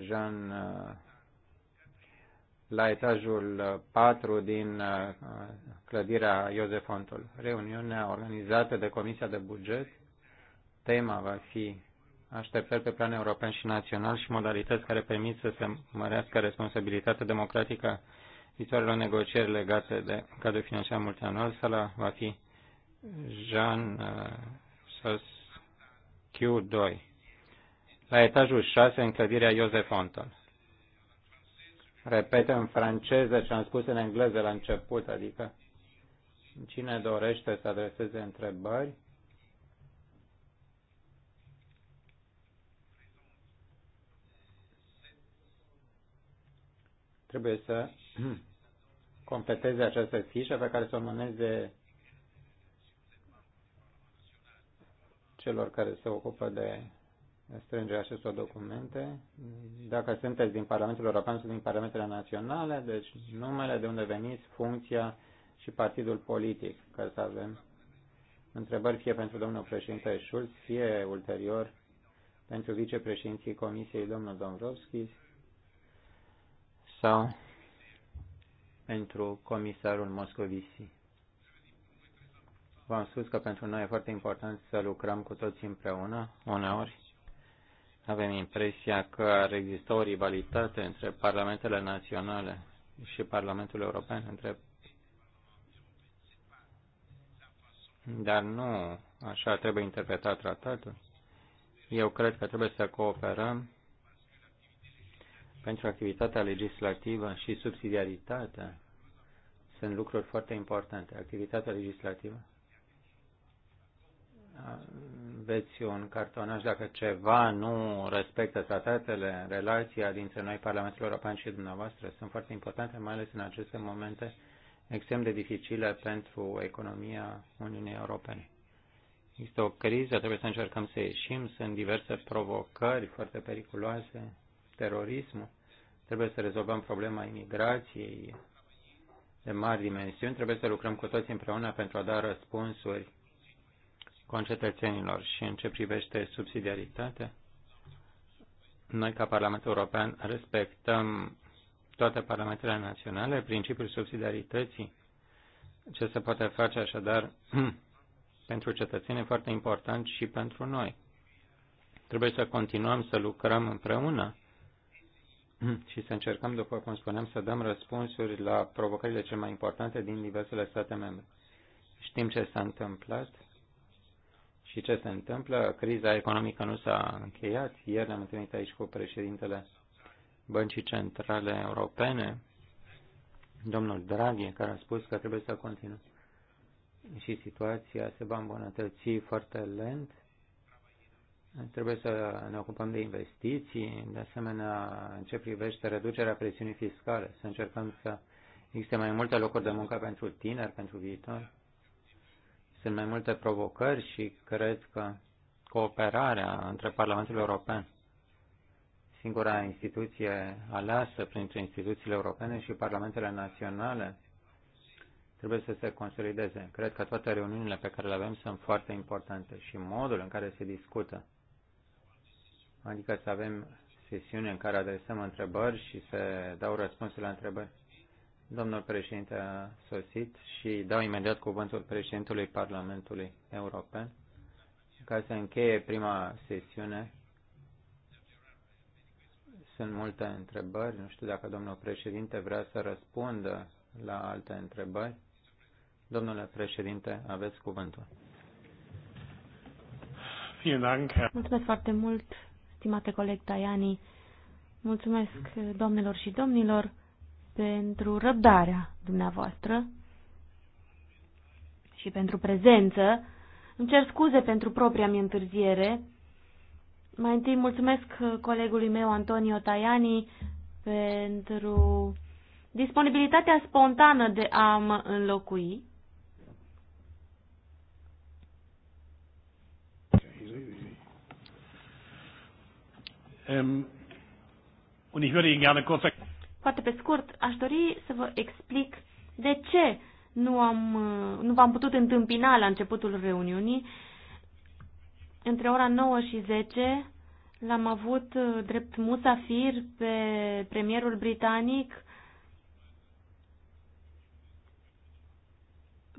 Jean uh, la etajul 4 uh, din uh, clădirea Iosef Reuniunea organizată de Comisia de Buget, tema va fi așteptări pe plan european și național și modalități care permit să se mărească responsabilitatea democratică viitoarelor negocieri legate de cadrul financiar multianual. Sala va fi Jean Sos Q2 la etajul 6 în clădirea Iosef Fonton. Repet în franceză ce am spus în engleză la început, adică cine dorește să adreseze întrebări, trebuie să completeze această fișă pe care să o mâneze celor care se ocupă de strângerea acestor documente. Dacă sunteți din Parlamentul European, sau din Parlamentele Naționale, deci numele de unde veniți, funcția și partidul politic, ca să avem întrebări fie pentru domnul președinte Schulz, fie ulterior pentru vicepreședinții Comisiei domnul Dombrovski sau pentru comisarul Moscovici. V-am spus că pentru noi e foarte important să lucrăm cu toți împreună, uneori avem impresia că ar exista o rivalitate între parlamentele naționale și Parlamentul European, între... dar nu așa trebuie interpretat tratatul. Eu cred că trebuie să cooperăm pentru activitatea legislativă și subsidiaritatea sunt lucruri foarte importante. Activitatea legislativă veți un cartonaș dacă ceva nu respectă tratatele, relația dintre noi, Parlamentul European și dumneavoastră, sunt foarte importante, mai ales în aceste momente extrem de dificile pentru economia Uniunii Europene. Este o criză, trebuie să încercăm să ieșim, sunt diverse provocări foarte periculoase, terorismul, trebuie să rezolvăm problema imigrației de mari dimensiuni, trebuie să lucrăm cu toți împreună pentru a da răspunsuri concetățenilor și în ce privește subsidiaritatea, noi ca Parlament European respectăm toate parlamentele naționale, principiul subsidiarității, ce se poate face așadar pentru cetățeni foarte important și pentru noi. Trebuie să continuăm să lucrăm împreună și să încercăm, după cum spuneam, să dăm răspunsuri la provocările cele mai importante din diversele state membre. Știm ce s-a întâmplat și ce se întâmplă? Criza economică nu s-a încheiat. Ieri ne-am întâlnit aici cu președintele Băncii Centrale Europene, domnul Draghi, care a spus că trebuie să continuăm. Și situația se va îmbunătăți foarte lent. Trebuie să ne ocupăm de investiții, de asemenea, în ce privește reducerea presiunii fiscale, să încercăm să existe mai multe locuri de muncă pentru tineri, pentru viitor sunt mai multe provocări și cred că cooperarea între Parlamentul European, singura instituție aleasă printre instituțiile europene și parlamentele naționale, trebuie să se consolideze. Cred că toate reuniunile pe care le avem sunt foarte importante și modul în care se discută. Adică să avem sesiune în care adresăm întrebări și se dau răspunsuri la întrebări. Domnul președinte a sosit și dau imediat cuvântul președintelui Parlamentului European ca să încheie prima sesiune. Sunt multe întrebări. Nu știu dacă domnul președinte vrea să răspundă la alte întrebări. Domnule președinte, aveți cuvântul. Mulțumesc foarte mult, stimate coleg Taiani. Mulțumesc domnilor și domnilor pentru răbdarea dumneavoastră și pentru prezență. Îmi cer scuze pentru propria mi întârziere. Mai întâi mulțumesc colegului meu Antonio Tajani pentru disponibilitatea spontană de a mă înlocui. Um, und ich würde Ihnen gerne kurz erklären. Foarte pe scurt, aș dori să vă explic de ce nu, am, nu am putut întâmpina la începutul reuniunii. Între ora 9 și 10 l-am avut uh, drept musafir pe premierul britanic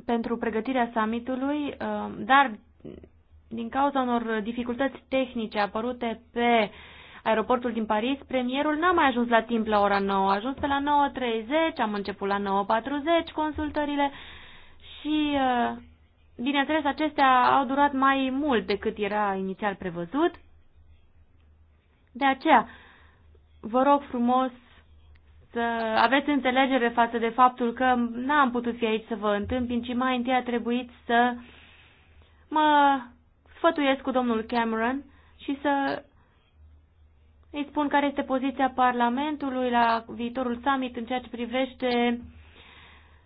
pentru pregătirea summitului, uh, dar din cauza unor dificultăți tehnice apărute pe uh, aeroportul din Paris, premierul n-a mai ajuns la timp la ora 9, a ajuns pe la 9.30, am început la 9.40 consultările și, uh, bineînțeles, acestea au durat mai mult decât era inițial prevăzut. De aceea, vă rog frumos să aveți înțelegere față de faptul că n-am putut fi aici să vă întâmpin, ci mai întâi a trebuit să mă sfătuiesc cu domnul Cameron și să îi spun care este poziția Parlamentului la viitorul summit în ceea ce privește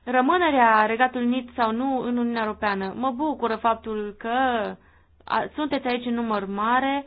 rămânerea Regatului Unit sau nu în Uniunea Europeană. Mă bucură faptul că sunteți aici în număr mare.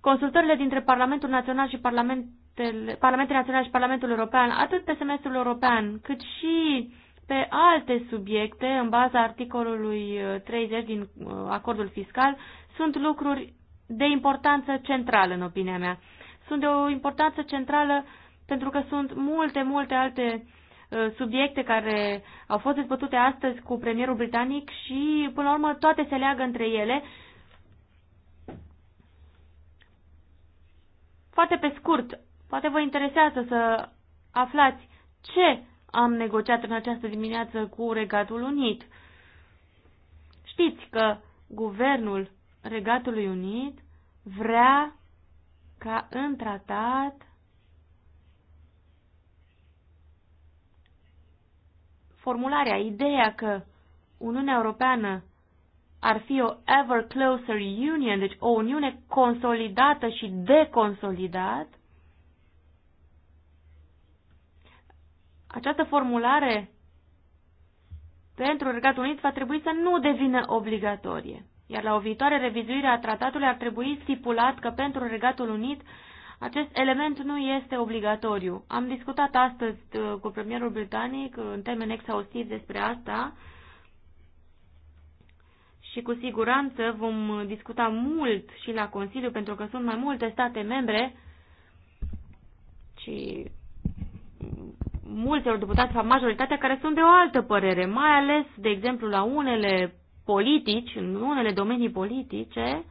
Consultările dintre Parlamentul Național și Parlamentele, Parlamentele Naționale și Parlamentul European, atât pe semestrul european, cât și pe alte subiecte, în baza articolului 30 din uh, acordul fiscal, sunt lucruri de importanță centrală, în opinia mea. Sunt de o importanță centrală pentru că sunt multe, multe alte uh, subiecte care au fost dezbătute astăzi cu premierul britanic și, până la urmă, toate se leagă între ele. Foarte pe scurt, poate vă interesează să aflați ce am negociat în această dimineață cu Regatul Unit. Știți că guvernul Regatului Unit vrea ca în tratat formularea, ideea că Uniunea Europeană ar fi o ever closer union, deci o uniune consolidată și deconsolidat, această formulare pentru Regatul Unit va trebui să nu devină obligatorie. Iar la o viitoare revizuire a tratatului ar trebui stipulat că pentru Regatul Unit acest element nu este obligatoriu. Am discutat astăzi uh, cu premierul britanic uh, în termen exhaustiv despre asta și cu siguranță vom discuta mult și la Consiliu pentru că sunt mai multe state membre și mulți eurodeputați, majoritatea, care sunt de o altă părere, mai ales, de exemplu, la unele politici, în unele domenii politice,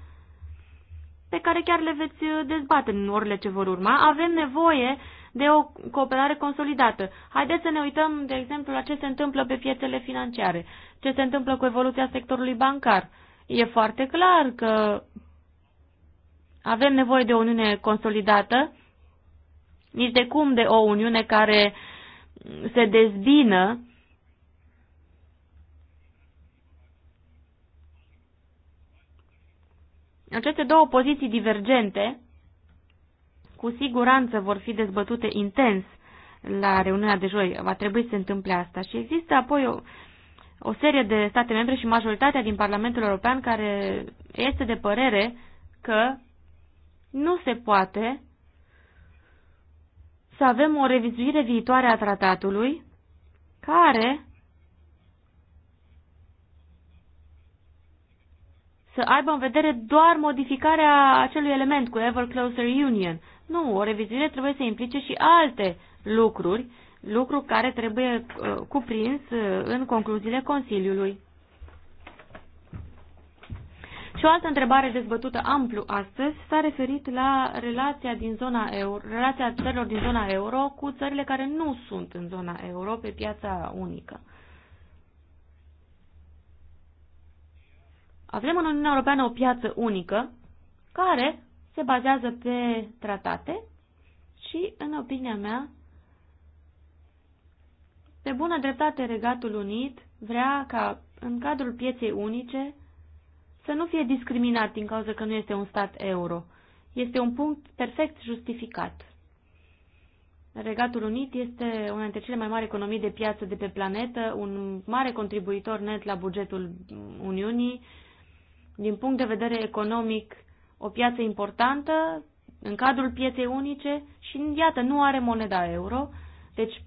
pe care chiar le veți dezbate în orele ce vor urma, avem nevoie de o cooperare consolidată. Haideți să ne uităm, de exemplu, la ce se întâmplă pe piețele financiare, ce se întâmplă cu evoluția sectorului bancar. E foarte clar că avem nevoie de o uniune consolidată, nici de cum de o uniune care se dezbină Aceste două poziții divergente cu siguranță vor fi dezbătute intens la reuniunea de joi. Va trebui să se întâmple asta. Și există apoi o, o serie de state membre și majoritatea din Parlamentul European care este de părere că nu se poate să avem o revizuire viitoare a tratatului care să aibă în vedere doar modificarea acelui element cu Ever Closer Union. Nu, o revizuire trebuie să implice și alte lucruri, lucru care trebuie uh, cuprins uh, în concluziile Consiliului. Și o altă întrebare dezbătută amplu astăzi s-a referit la relația, din zona euro, relația țărilor din zona euro cu țările care nu sunt în zona euro pe piața unică. Avem în Uniunea Europeană o piață unică care se bazează pe tratate și, în opinia mea, pe bună dreptate Regatul Unit vrea ca, în cadrul pieței unice, să nu fie discriminat din cauza că nu este un stat euro. Este un punct perfect justificat. Regatul Unit este una dintre cele mai mari economii de piață de pe planetă, un mare contribuitor net la bugetul Uniunii, din punct de vedere economic, o piață importantă în cadrul pieței unice și, iată, nu are moneda euro. Deci,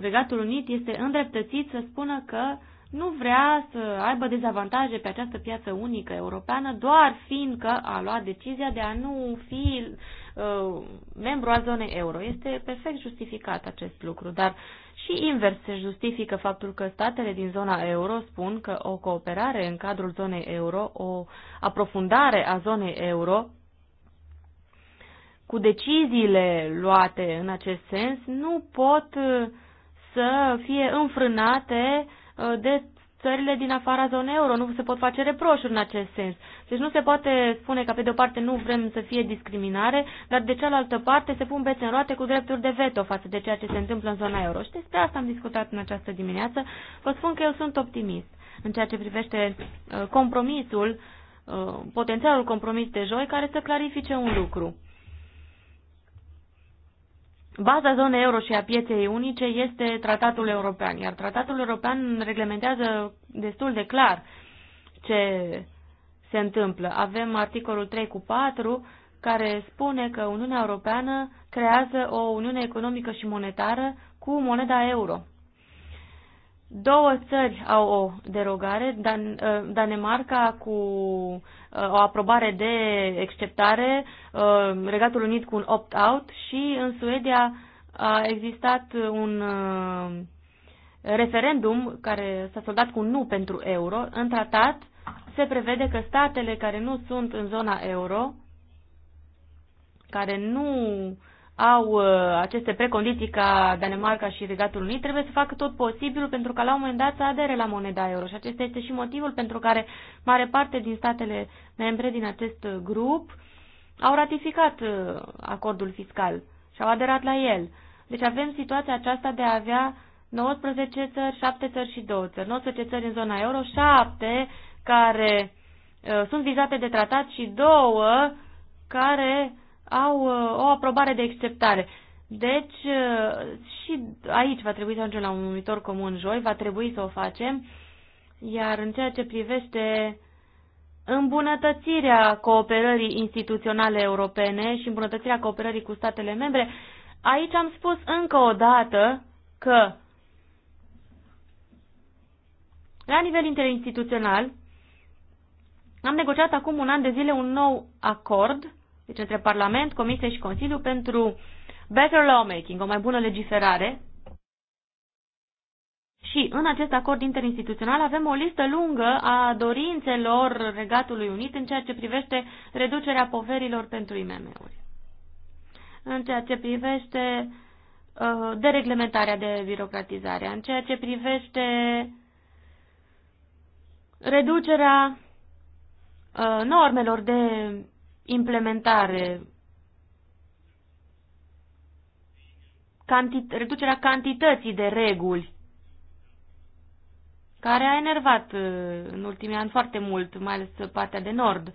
Regatul Unit este îndreptățit să spună că nu vrea să aibă dezavantaje pe această piață unică europeană doar fiindcă a luat decizia de a nu fi Uh, membru al zonei euro. Este perfect justificat acest lucru, dar și invers se justifică faptul că statele din zona euro spun că o cooperare în cadrul zonei euro, o aprofundare a zonei euro, cu deciziile luate în acest sens, nu pot uh, să fie înfrânate uh, de țările din afara zonei euro. Nu se pot face reproșuri în acest sens. Deci nu se poate spune că pe de o parte nu vrem să fie discriminare, dar de cealaltă parte se pun bețe în roate cu drepturi de veto față de ceea ce se întâmplă în zona euro. Și despre asta am discutat în această dimineață. Vă spun că eu sunt optimist în ceea ce privește uh, compromisul, uh, potențialul compromis de joi care să clarifice un lucru. Baza zonei euro și a pieței unice este tratatul european, iar tratatul european reglementează destul de clar ce se întâmplă. Avem articolul 3 cu 4 care spune că Uniunea Europeană creează o uniune economică și monetară cu moneda euro. Două țări au o derogare, Dan, uh, Danemarca cu uh, o aprobare de exceptare, uh, Regatul Unit cu un opt-out și în Suedia a existat un referendum care s-a soldat cu nu pentru euro. În tratat se prevede că statele care nu sunt în zona euro, care nu uh, au uh, aceste precondiții ca Danemarca și Regatul Unit, trebuie să facă tot posibilul pentru ca la un moment dat să adere la moneda euro. Și acesta este și motivul pentru care mare parte din statele membre din acest grup au ratificat uh, acordul fiscal și au aderat la el. Deci avem situația aceasta de a avea 19 țări, 7 țări și 2 țări, 19 țări în zona euro, 7 care uh, sunt vizate de tratat și 2 care au uh, o aprobare de acceptare. Deci uh, și aici va trebui să ajungem la un numitor comun joi, va trebui să o facem, iar în ceea ce privește îmbunătățirea cooperării instituționale europene și îmbunătățirea cooperării cu statele membre, aici am spus încă o dată că la nivel interinstituțional am negociat acum un an de zile un nou acord deci între Parlament, Comisie și Consiliu, pentru better lawmaking, o mai bună legiferare. Și în acest acord interinstituțional avem o listă lungă a dorințelor Regatului Unit în ceea ce privește reducerea poverilor pentru IMM-uri. În ceea ce privește uh, dereglementarea de birocratizare, în ceea ce privește reducerea uh, normelor de implementare, canti, reducerea cantității de reguli, care a enervat uh, în ultimii ani foarte mult, mai ales partea de nord.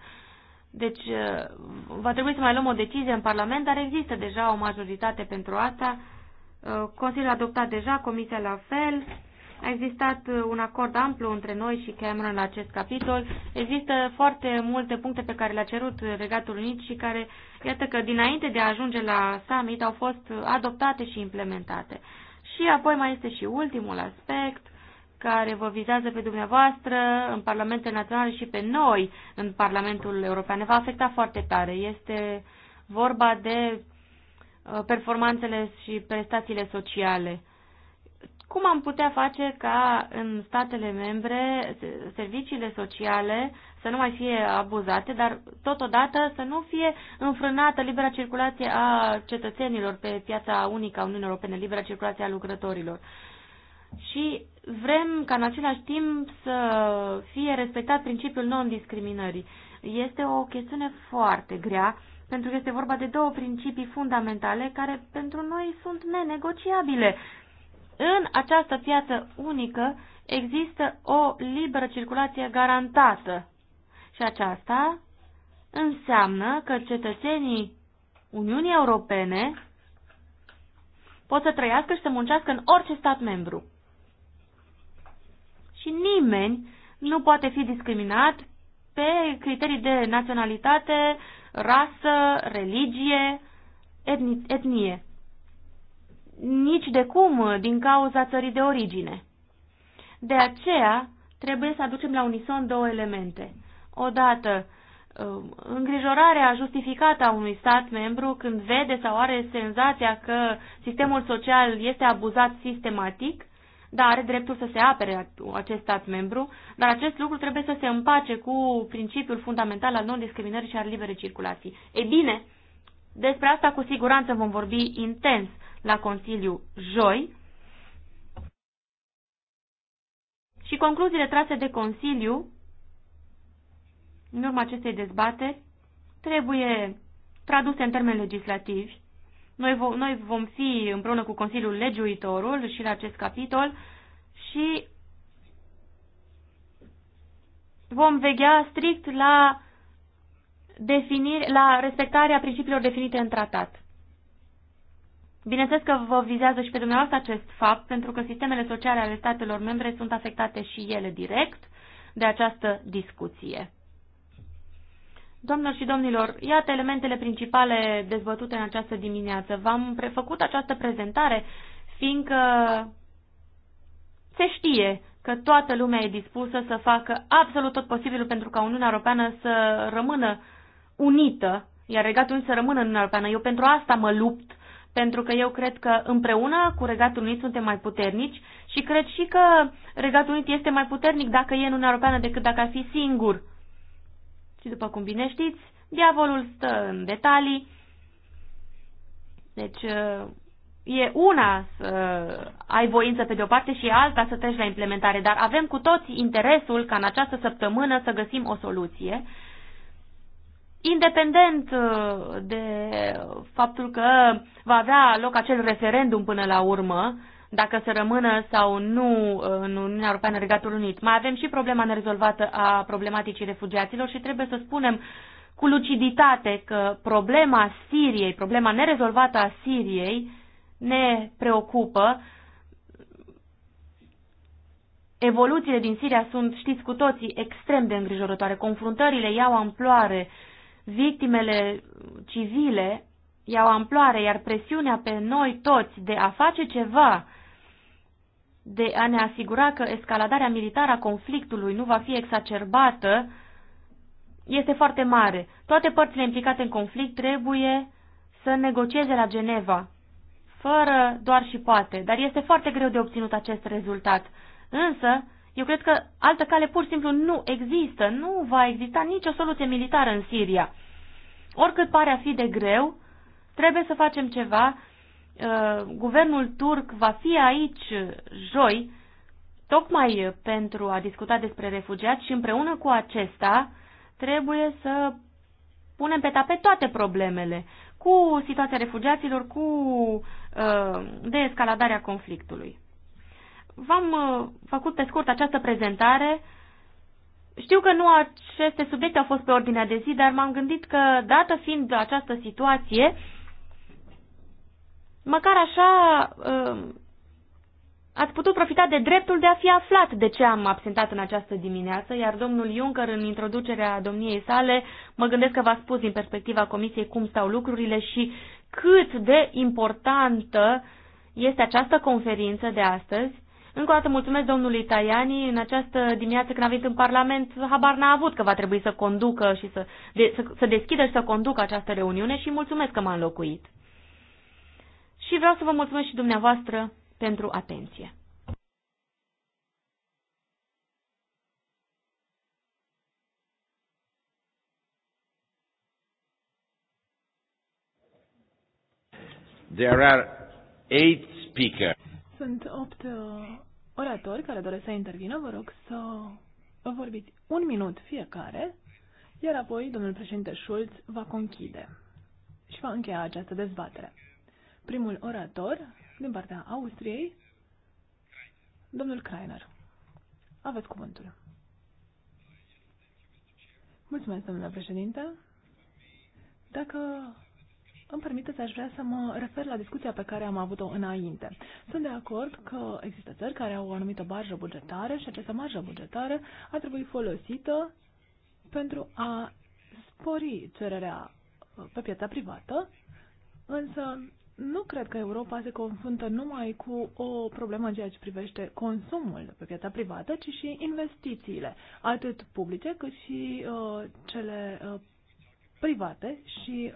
Deci uh, va trebui să mai luăm o decizie în Parlament, dar există deja o majoritate pentru asta. Uh, Consiliul a adoptat deja, Comisia la fel. A existat uh, un acord amplu între noi și Cameron la acest capitol. Există foarte multe puncte pe care le-a cerut uh, Regatul Unit și care, iată că dinainte de a ajunge la summit, au fost uh, adoptate și implementate. Și apoi mai este și ultimul aspect care vă vizează pe dumneavoastră în Parlamentele Naționale și pe noi în Parlamentul European. Ne va afecta foarte tare. Este vorba de performanțele și prestațiile sociale. Cum am putea face ca în statele membre serviciile sociale să nu mai fie abuzate, dar totodată să nu fie înfrânată libera circulație a cetățenilor pe piața unică a Uniunii Europene, libera circulație a lucrătorilor? și vrem ca în același timp să fie respectat principiul non-discriminării. Este o chestiune foarte grea, pentru că este vorba de două principii fundamentale care pentru noi sunt nenegociabile. În această piață unică există o liberă circulație garantată și aceasta înseamnă că cetățenii Uniunii Europene pot să trăiască și să muncească în orice stat membru. Și nimeni nu poate fi discriminat pe criterii de naționalitate, rasă, religie, etnie nici de cum uh, din cauza țării de origine. De aceea, trebuie să aducem la unison două elemente. Odată, uh, îngrijorarea justificată a unui stat membru când vede sau are senzația că sistemul social este abuzat sistematic, dar are dreptul să se apere acest stat membru, dar acest lucru trebuie să se împace cu principiul fundamental al non-discriminării și al liberei circulații. E bine, despre asta cu siguranță vom vorbi intens la Consiliu joi și concluziile trase de Consiliu în urma acestei dezbateri trebuie traduse în termeni legislativi. Noi, vo- noi vom fi împreună cu Consiliul Legiuitorul și la acest capitol și vom veghea strict la, defini- la respectarea principiilor definite în tratat. Bineînțeles că vă vizează și pe dumneavoastră acest fapt, pentru că sistemele sociale ale statelor membre sunt afectate și ele direct de această discuție. Doamnelor și domnilor, iată elementele principale dezbătute în această dimineață. V-am făcut această prezentare fiindcă se știe că toată lumea e dispusă să facă absolut tot posibilul pentru ca Uniunea Europeană să rămână unită, iar Regatul Unit să rămână în Uniunea Europeană. Eu pentru asta mă lupt pentru că eu cred că împreună cu Regatul Unit suntem mai puternici și cred și că Regatul Unit este mai puternic dacă e în Uniunea Europeană decât dacă ar fi singur. Și după cum bine știți, diavolul stă în detalii. Deci uh, e una să ai voință pe de o parte și alta să treci la implementare, dar avem cu toți interesul ca în această săptămână să găsim o soluție independent uh, de faptul că va avea loc acel referendum până la urmă, dacă să rămână sau nu uh, în Uniunea Europeană Regatul Unit. Mai avem și problema nerezolvată a problematicii refugiaților și trebuie să spunem cu luciditate că problema Siriei, problema nerezolvată a Siriei ne preocupă. Evoluțiile din Siria sunt, știți cu toții, extrem de îngrijorătoare. Confruntările iau amploare victimele civile iau amploare, iar presiunea pe noi toți de a face ceva, de a ne asigura că escaladarea militară a conflictului nu va fi exacerbată, este foarte mare. Toate părțile implicate în conflict trebuie să negocieze la Geneva, fără doar și poate, dar este foarte greu de obținut acest rezultat. Însă, eu cred că altă cale pur și simplu nu există, nu va exista nicio soluție militară în Siria. Oricât pare a fi de greu, trebuie să facem ceva. Uh, guvernul turc va fi aici joi, tocmai pentru a discuta despre refugiați și împreună cu acesta trebuie să punem pe tapet toate problemele cu situația refugiaților, cu uh, deescaladarea conflictului. V-am uh, făcut pe scurt această prezentare. Știu că nu aceste subiecte au fost pe ordinea de zi, dar m-am gândit că, dată fiind această situație, măcar așa uh, ați putut profita de dreptul de a fi aflat de ce am absentat în această dimineață, iar domnul Juncker, în introducerea domniei sale, mă gândesc că v-a spus din perspectiva Comisiei cum stau lucrurile și cât de importantă este această conferință de astăzi, încă o dată mulțumesc domnului Tajani. În această dimineață când a venit în Parlament, habar n-a avut că va trebui să conducă și să, de, să, să deschidă și să conducă această reuniune și mulțumesc că m-a înlocuit. Și vreau să vă mulțumesc și dumneavoastră pentru atenție. There are eight speakers. Sunt opt uh, oratori care doresc să intervină, vă rog să vorbiți un minut fiecare, iar apoi domnul președinte Schulz va conchide și va încheia această dezbatere. Primul orator din partea Austriei, domnul Kreiner. Aveți cuvântul. Mulțumesc, domnule președinte. Dacă îmi permiteți, aș vrea să mă refer la discuția pe care am avut-o înainte. Sunt de acord că există țări care au o anumită marjă bugetară și această marjă bugetară a trebuit folosită pentru a spori cererea uh, pe piața privată, însă nu cred că Europa se confruntă numai cu o problemă în ceea ce privește consumul pe piața privată, ci și investițiile, atât publice cât și uh, cele uh, private și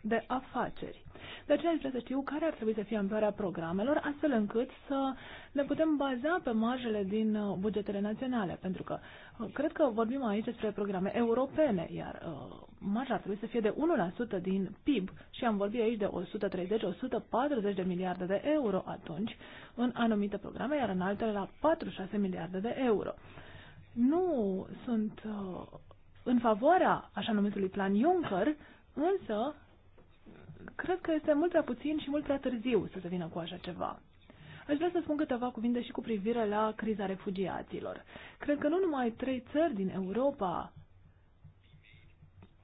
de afaceri. De aceea aș vrea să știu care ar trebui să fie amploarea programelor, astfel încât să ne putem baza pe marjele din uh, bugetele naționale, pentru că uh, cred că vorbim aici despre programe europene, iar uh, marja ar trebui să fie de 1% din PIB și am vorbit aici de 130-140 de miliarde de euro atunci în anumite programe, iar în altele la 46 miliarde de euro. Nu sunt uh, în favoarea așa numitului plan Juncker, însă cred că este mult prea puțin și mult prea târziu să se vină cu așa ceva. Aș vrea să spun câteva cuvinte și cu privire la criza refugiaților. Cred că nu numai trei țări din Europa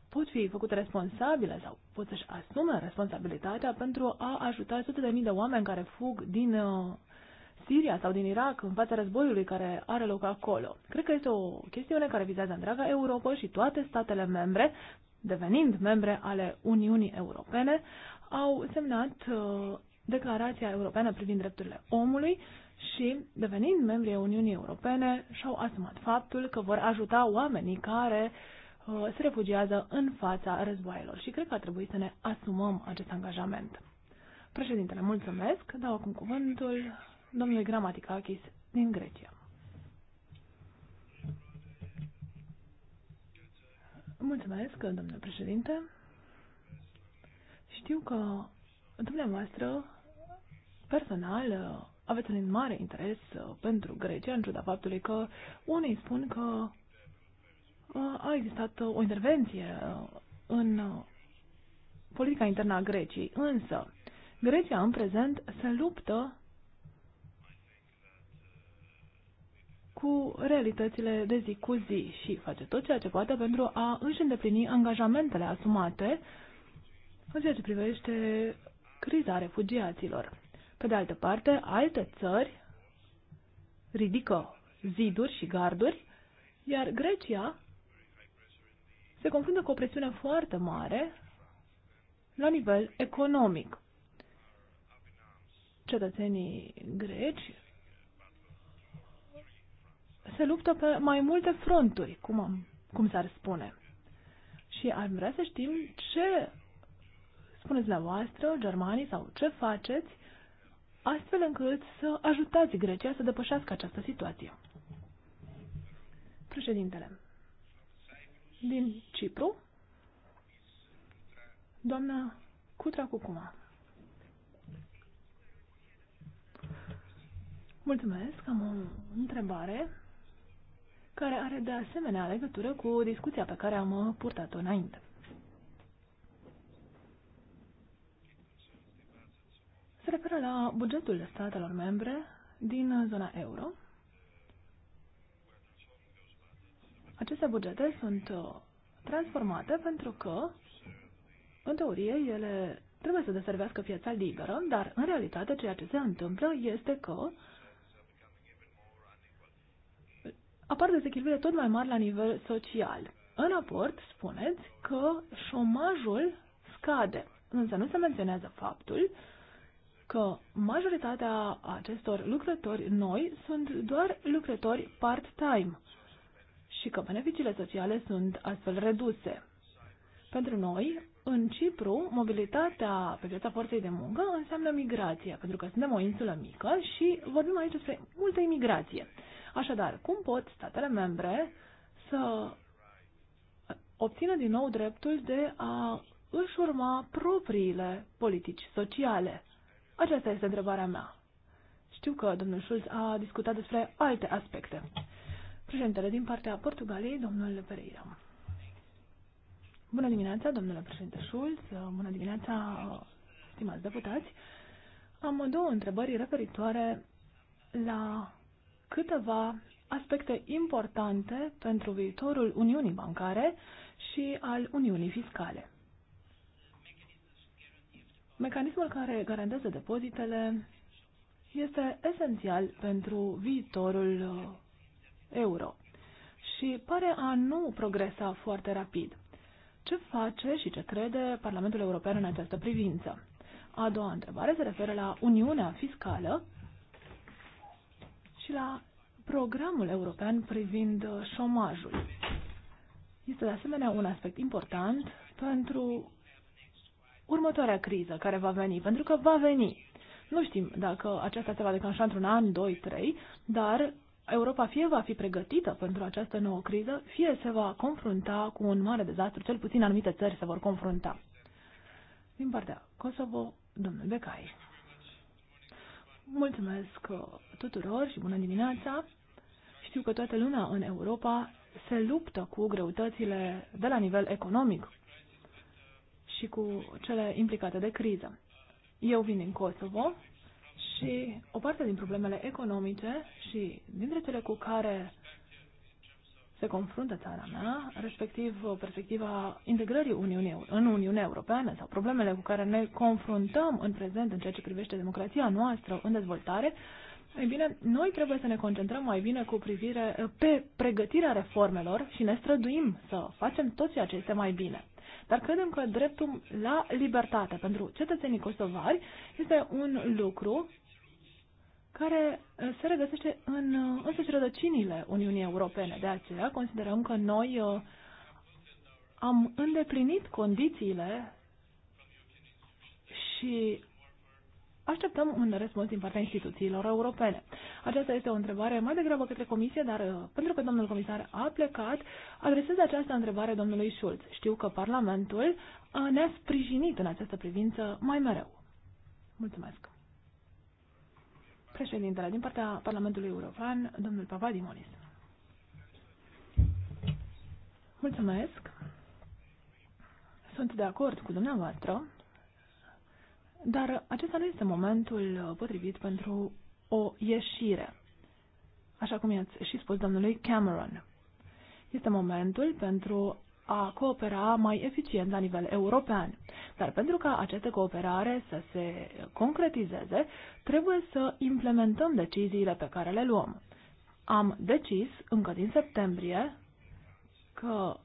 pot fi făcute responsabile sau pot să-și asume responsabilitatea pentru a ajuta sute de mii de oameni care fug din uh, Siria sau din Irak în fața războiului care are loc acolo. Cred că este o chestiune care vizează întreaga Europa și toate statele membre devenind membre ale Uniunii Europene, au semnat uh, Declarația Europeană privind drepturile omului și, devenind membri ai Uniunii Europene, și-au asumat faptul că vor ajuta oamenii care uh, se refugiază în fața războaielor și cred că ar trebui să ne asumăm acest angajament. Președintele, mulțumesc. Dau acum cuvântul domnului Gramaticakis din Grecia. Mulțumesc, domnule președinte. Știu că dumneavoastră, personal, aveți un mare interes uh, pentru Grecia, în ciuda faptului că unii spun că uh, a existat uh, o intervenție în politica internă a Greciei, însă Grecia în prezent se luptă cu realitățile de zi cu zi și face tot ceea ce poate pentru a își îndeplini angajamentele asumate în ceea ce privește criza refugiaților. Pe de altă parte, alte țări ridică ziduri și garduri, iar Grecia se confruntă cu o presiune foarte mare la nivel economic. Cetățenii greci se luptă pe mai multe fronturi, cum, am, cum s-ar spune. Și am vrea să știm ce spuneți la voastră, germanii, sau ce faceți, astfel încât să ajutați Grecia să depășească această situație. Președintele, din Cipru, doamna Cutra Cucuma. Mulțumesc, am o întrebare care are de asemenea legătură cu discuția pe care am purtat-o înainte. Se referă la bugetul statelor membre din zona euro. Aceste bugete sunt uh, transformate pentru că, în teorie, ele trebuie să deservească piața liberă, dar, în realitate, ceea ce se întâmplă este că apar dezechilibre tot mai mari la nivel social. În raport spuneți că șomajul scade, însă nu se menționează faptul că majoritatea acestor lucrători noi sunt doar lucrători part-time și că beneficiile sociale sunt astfel reduse. Pentru noi, în Cipru, mobilitatea pe piața forței de muncă înseamnă migrație, pentru că suntem o insulă mică și vorbim aici despre multă imigrație. Așadar, cum pot statele membre să obțină din nou dreptul de a își urma propriile politici sociale? Aceasta este întrebarea mea. Știu că domnul Schulz a discutat despre alte aspecte. Președintele din partea Portugaliei, domnul Pereira. Bună dimineața, domnule președinte Schulz, bună dimineața, stimați deputați. Am două întrebări referitoare la câteva aspecte importante pentru viitorul Uniunii Bancare și al Uniunii Fiscale. Mecanismul care garantează depozitele este esențial pentru viitorul uh, euro și pare a nu progresa foarte rapid. Ce face și ce crede Parlamentul European în această privință? A doua întrebare se referă la Uniunea Fiscală și la programul european privind uh, șomajul. Este de asemenea un aspect important pentru următoarea criză care va veni, pentru că va veni. Nu știm dacă aceasta se va declanșa într-un an, doi, trei, dar Europa fie va fi pregătită pentru această nouă criză, fie se va confrunta cu un mare dezastru, cel puțin anumite țări se vor confrunta. Din partea Kosovo, domnul Becai. Mulțumesc uh, tuturor și bună dimineața! Știu că toată lumea în Europa se luptă cu greutățile de la nivel economic și cu cele implicate de criză. Eu vin din Kosovo și o parte din problemele economice și dintre cele cu care se confruntă țara mea, respectiv uh, perspectiva integrării Uniunii, în Uniunea Europeană sau problemele cu care ne confruntăm în prezent în ceea ce privește democrația noastră în dezvoltare, ei bine, noi trebuie să ne concentrăm mai bine cu privire uh, pe pregătirea reformelor și ne străduim să facem tot ceea ce este mai bine. Dar credem că dreptul la libertate pentru cetățenii kosovari este un lucru care uh, se regăsește în uh, însăși rădăcinile Uniunii Europene. De aceea considerăm că noi uh, am îndeplinit condițiile și așteptăm un răspuns din partea instituțiilor europene. Aceasta este o întrebare mai degrabă către comisie, dar pentru că domnul comisar a plecat, adresez această întrebare domnului Schulz. Știu că Parlamentul ne-a sprijinit în această privință mai mereu. Mulțumesc! Președintele, din partea Parlamentului European, domnul Papadimonis. Mulțumesc. Sunt de acord cu dumneavoastră, dar acesta nu este momentul potrivit pentru o ieșire, așa cum i-ați și spus domnului Cameron. Este momentul pentru a coopera mai eficient la nivel european. Dar pentru ca această cooperare să se concretizeze, trebuie să implementăm deciziile pe care le luăm. Am decis încă din septembrie că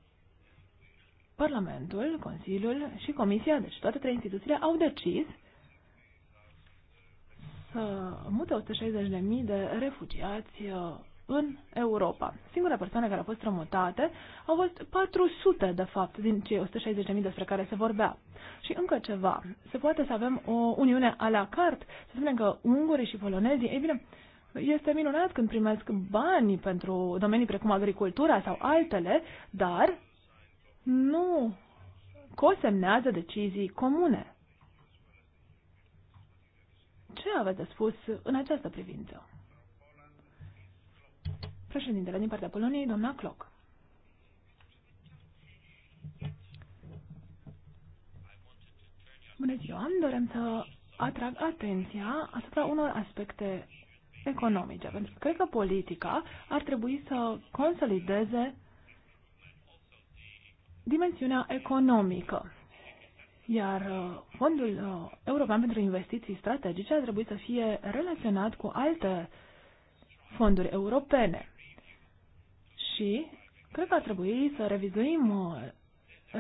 Parlamentul, Consiliul și Comisia, deci toate trei instituțiile, au decis să mute 160.000 de refugiați uh, în Europa. Singura persoană care a fost strămutate au fost 400, de fapt, din cei 160.000 despre care se vorbea. Și încă ceva. Se poate să avem o uniune a la carte, să spunem că ungurii și polonezii, ei bine, este minunat când primesc bani pentru domenii precum agricultura sau altele, dar nu cosemnează decizii comune. Ce aveți de spus în această privință? Președintele din partea Poloniei, doamna Cloc. Bună ziua! Dorem să atrag atenția asupra unor aspecte economice, pentru că cred că politica ar trebui să consolideze dimensiunea economică. Iar uh, Fondul uh, European pentru Investiții Strategice ar trebui să fie relaționat cu alte fonduri europene și cred că ar trebui să revizuim uh,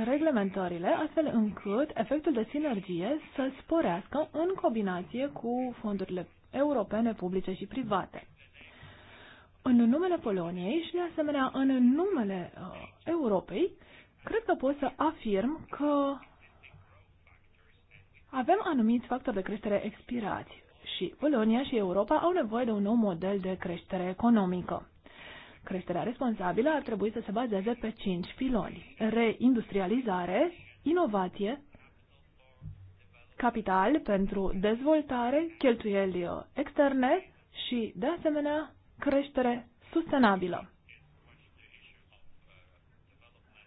reglementările astfel încât efectul de sinergie să sporească în combinație cu fondurile europene publice și private. În numele Poloniei și de asemenea în numele uh, Europei, cred că pot să afirm că avem anumiți factori de creștere expirați și Polonia și Europa au nevoie de un nou model de creștere economică. Creșterea responsabilă ar trebui să se bazeze pe cinci piloni. Reindustrializare, inovație, capital pentru dezvoltare, cheltuieli uh, externe și, de asemenea, creștere sustenabilă.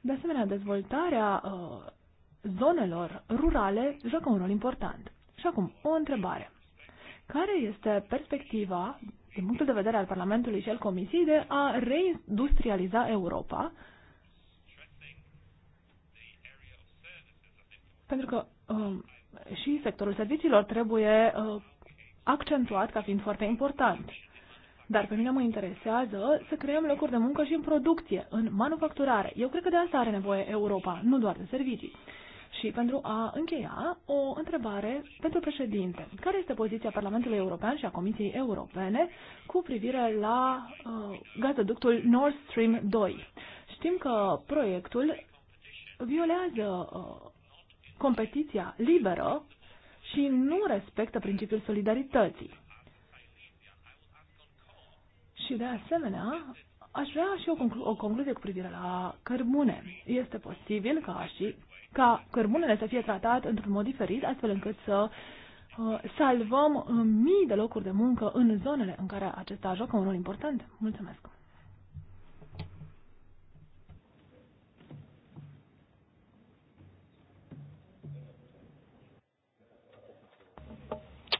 De asemenea, dezvoltarea uh, zonelor rurale joacă un rol important. Și acum, o întrebare. Care este perspectiva din punctul de vedere al Parlamentului și al Comisiei, de a reindustrializa Europa, pentru că um, și sectorul serviciilor trebuie uh, accentuat ca fiind foarte important. Dar pe mine mă interesează să creăm locuri de muncă și în producție, în manufacturare. Eu cred că de asta are nevoie Europa, nu doar de servicii. Și pentru a încheia, o întrebare pentru președinte. Care este poziția Parlamentului European și a Comisiei Europene cu privire la uh, gazoductul Nord Stream 2? Știm că proiectul violează uh, competiția liberă și nu respectă principiul solidarității. Și de asemenea, aș vrea și o, conclu- o concluzie cu privire la cărbune. Este posibil ca și ca cărbunele să fie tratat într-un mod diferit, astfel încât să uh, salvăm uh, mii de locuri de muncă în zonele în care acesta joacă un rol important. Mulțumesc!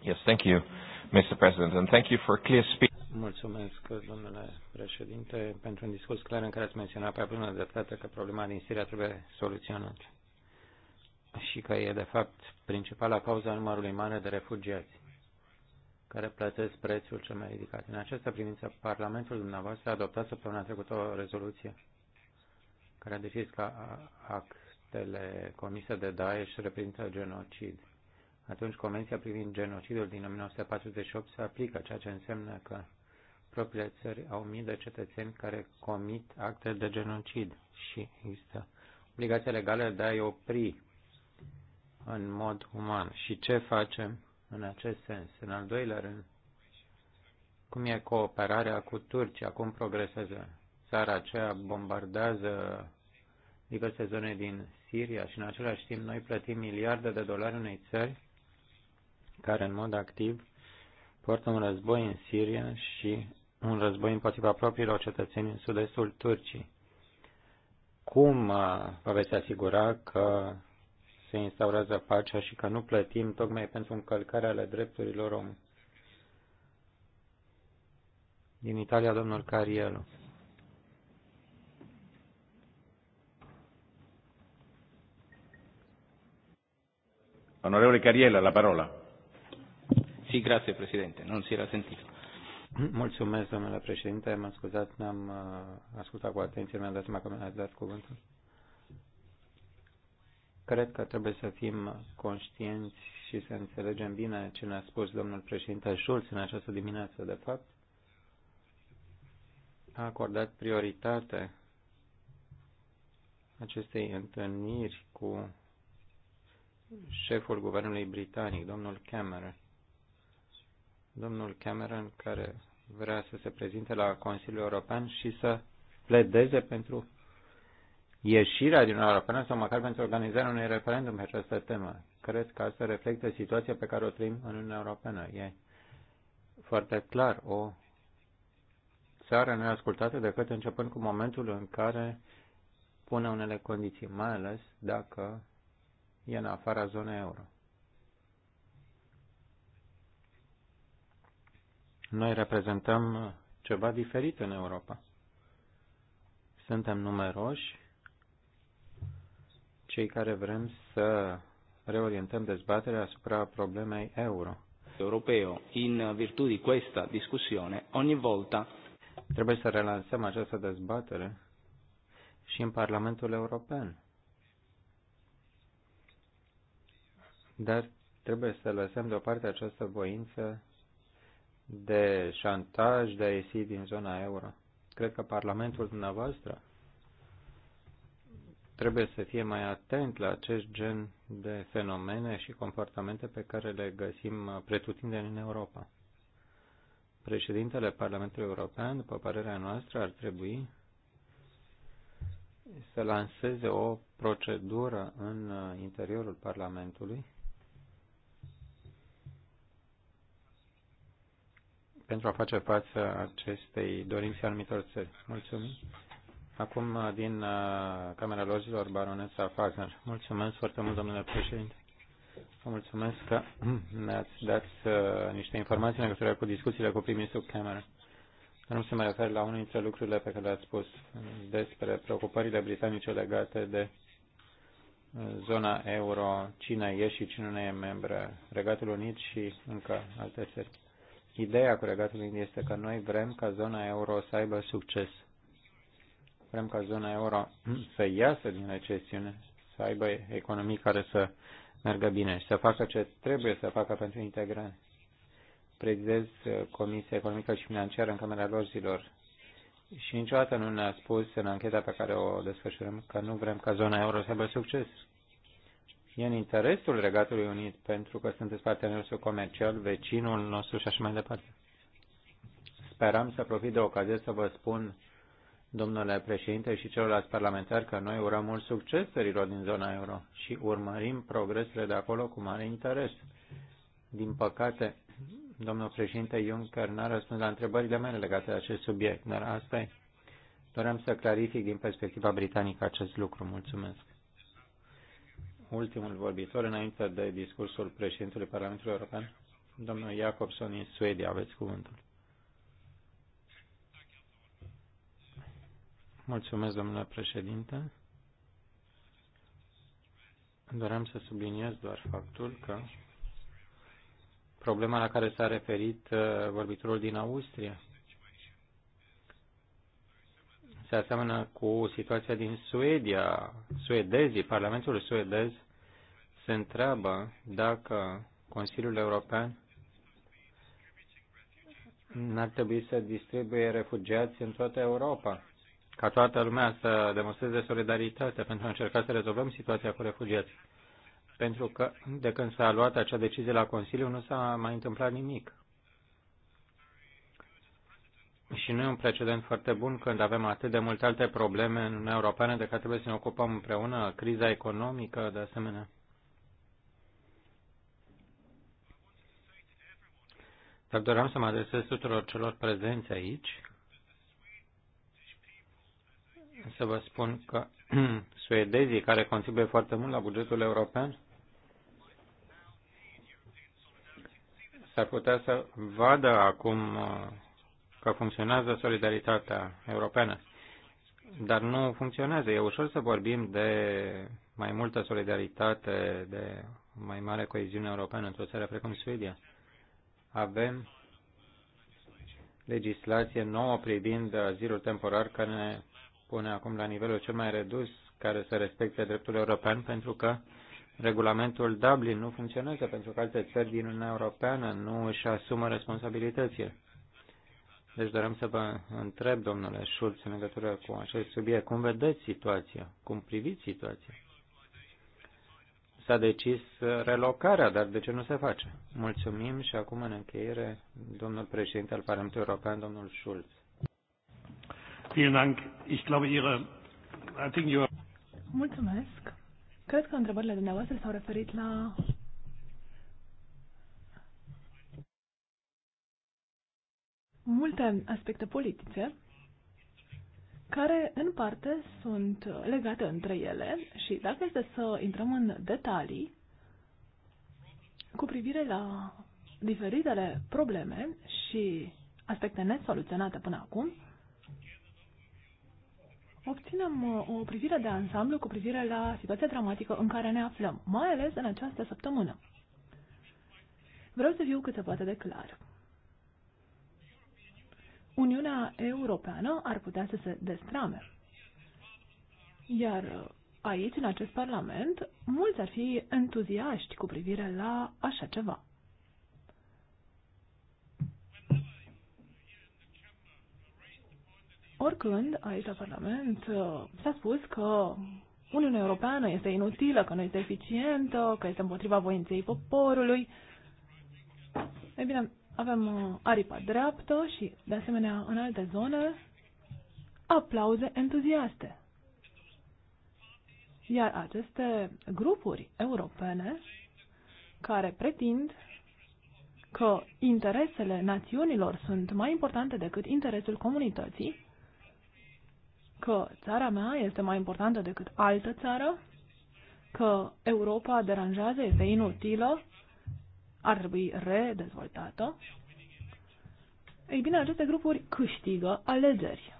Yes, thank you, Mr. President, and thank you for clear speech. Mulțumesc, domnule președinte, pentru un discurs clar în care ați menționat pe bună dreptate că problema din Siria trebuie soluționată și că e, de fapt, principala cauza numărului mare de refugiați care plătesc prețul cel mai ridicat. În această privință, Parlamentul dumneavoastră a adoptat săptămâna trecută o rezoluție care a decis că actele comise de Daesh reprezintă genocid. Atunci, Convenția privind genocidul din 1948 se aplică, ceea ce înseamnă că propriile țări au mii de cetățeni care comit acte de genocid și există obligația legală de a-i opri în mod uman și ce facem în acest sens. În al doilea rând, cum e cooperarea cu Turcia, cum progresează. Țara aceea bombardează diverse zone din Siria și în același timp noi plătim miliarde de dolari unei țări care în mod activ poartă un război în Siria și un război împotriva propriilor cetățeni în sud-estul Turcii. Cum uh, vă veți asigura că se instaurează pacea și că nu plătim tocmai pentru încălcarea ale drepturilor omului. Din Italia, domnul Carielu. Onorevole Cariela, la parola. Sì, grazie Presidente, non si era sentito. Mulțumesc, domnule președinte, mă scuzați, n-am uh, ascultat cu atenție, mi-am dat seama că mi-ați dat cuvântul. Cred că trebuie să fim conștienți și să înțelegem bine ce ne-a spus domnul președinte Schulz în această dimineață, de fapt. A acordat prioritate acestei întâlniri cu șeful guvernului britanic, domnul Cameron. Domnul Cameron care vrea să se prezinte la Consiliul European și să pledeze pentru ieșirea din Uniunea Europeană sau măcar pentru organizarea unui referendum pe această temă. Cred că asta reflectă situația pe care o trăim în Uniunea Europeană. E foarte clar o țară nu e ascultată decât începând cu momentul în care pune unele condiții, mai ales dacă e în afara zonei euro. Noi reprezentăm ceva diferit în Europa. Suntem numeroși cei care vrem să reorientăm dezbaterea asupra problemei euro. Europeo, in virtù di questa discussione, ogni volta trebuie să relansăm această dezbatere și în Parlamentul European. Dar trebuie să lăsăm deoparte această voință de șantaj de a ieși din zona euro. Cred că Parlamentul dumneavoastră trebuie să fie mai atent la acest gen de fenomene și comportamente pe care le găsim pretutindeni în Europa. Președintele Parlamentului European, după părerea noastră, ar trebui să lanseze o procedură în interiorul Parlamentului pentru a face față acestei dorințe anumitor țări. Mulțumim. Acum, uh, din uh, Camera Logilor, baronesa Fagner. Mulțumesc foarte mult, domnule președinte. Vă mulțumesc că ne-ați dat uh, niște informații în legătură cu discuțiile cu primii sub Cameron. Nu se mai refer la unul dintre lucrurile pe care le-ați spus despre preocupările britanice legate de zona euro, cine e și cine nu e membră, Regatul Unit și încă alte țări. Ideea cu Regatul Unit este că noi vrem ca zona euro să aibă succes. Vrem ca zona euro să iasă din recesiune, să aibă economii care să meargă bine și să facă ce trebuie să facă pentru integrare. Prezidez uh, Comisia Economică și Financiară în Camera Lorzilor și niciodată nu ne-a spus în ancheta pe care o desfășurăm că nu vrem ca zona euro să aibă succes. E în interesul Regatului Unit pentru că sunteți partenerul său comercial, vecinul nostru și așa mai departe. Speram să profit de ocazie să vă spun domnule președinte și celorlalți parlamentari, că noi urăm mult succes țărilor din zona euro și urmărim progresele de acolo cu mare interes. Din păcate, domnul președinte Juncker n-a răspuns la întrebările mele legate de acest subiect, dar asta e. Doream să clarific din perspectiva britanică acest lucru. Mulțumesc. Ultimul vorbitor înainte de discursul președintelui Parlamentului European, domnul Jacobson din Suedia, aveți cuvântul. Mulțumesc, domnule președinte. Doream să subliniez doar faptul că problema la care s-a referit uh, vorbitorul din Austria se aseamănă cu situația din Suedia. Suedezii, Parlamentul suedez, se întreabă dacă Consiliul European n-ar trebui să distribuie refugiați în toată Europa ca toată lumea să demonstreze solidaritate pentru a încerca să rezolvăm situația cu refugiații. Pentru că de când s-a luat acea decizie la Consiliu nu s-a mai întâmplat nimic. Și nu e un precedent foarte bun când avem atât de multe alte probleme în Uniunea Europeană de care trebuie să ne ocupăm împreună, criza economică de asemenea. Dar doream să mă adresez tuturor celor prezenți aici să vă spun că suedezii, care contribuie foarte mult la bugetul european, s-ar putea să vadă acum uh, că funcționează solidaritatea europeană. Dar nu funcționează. E ușor să vorbim de mai multă solidaritate, de mai mare coeziune europeană într-o țară precum Suedia. Avem legislație nouă privind azilul temporar care ne pune acum la nivelul cel mai redus care să respecte dreptul european pentru că regulamentul Dublin nu funcționează pentru că alte țări din Uniunea Europeană nu își asumă responsabilitățile. Deci doream să vă întreb, domnule Schulz, în legătură cu acest subiect, cum vedeți situația, cum priviți situația? S-a decis relocarea, dar de ce nu se face? Mulțumim și acum în încheiere, domnul președinte al Parlamentului European, domnul Schulz. Mulțumesc. Cred că întrebările dumneavoastră s-au referit la multe aspecte politice care în parte sunt legate între ele și dacă este să intrăm în detalii cu privire la diferitele probleme și aspecte nesoluționate până acum, obținem uh, o privire de ansamblu cu privire la situația dramatică în care ne aflăm, mai ales în această săptămână. Vreau să fiu cât se poate de clar. Uniunea Europeană ar putea să se destrame. Iar uh, aici, în acest Parlament, mulți ar fi entuziaști cu privire la așa ceva. Oricând, aici la Parlament uh, s-a spus că Uniunea Europeană este inutilă, că nu este eficientă, că este împotriva voinței poporului. Ei bine, avem uh, aripa dreaptă și, de asemenea, în alte zone, aplauze entuziaste. Iar aceste grupuri europene care pretind că interesele națiunilor sunt mai importante decât interesul comunității, că țara mea este mai importantă decât altă țară, că Europa deranjează, este inutilă, ar trebui redezvoltată. Ei bine, aceste grupuri câștigă alegeri.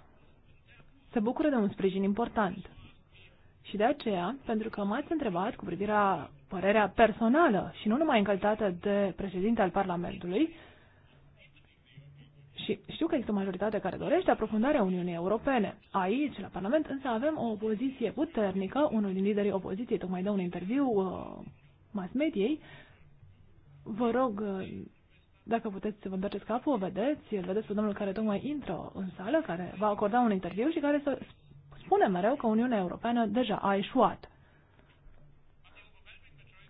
Se bucură de un sprijin important. Și de aceea, pentru că m-ați întrebat cu privirea părerea personală și nu numai încălțată de președinte al Parlamentului, și știu că există o majoritate care dorește aprofundarea Uniunii Europene. Aici, la Parlament, însă avem o opoziție puternică. Unul din liderii opoziției tocmai dă un interviu uh, mass mediei. Vă rog, uh, dacă puteți să vă întoarceți capul, o vedeți, îl vedeți pe domnul care tocmai intră în sală, care va acorda un interviu și care să spune mereu că Uniunea Europeană deja a eșuat.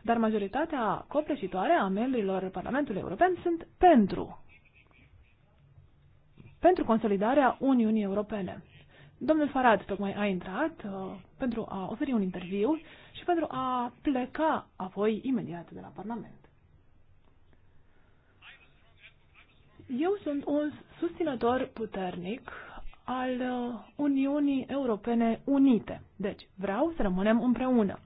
Dar majoritatea copleșitoare a membrilor Parlamentului European sunt pentru pentru consolidarea Uniunii Europene. Domnul Farad tocmai a intrat uh, pentru a oferi un interviu și pentru a pleca apoi imediat de la Parlament. Eu sunt un susținător puternic al uh, Uniunii Europene Unite. Deci, vreau să rămânem împreună.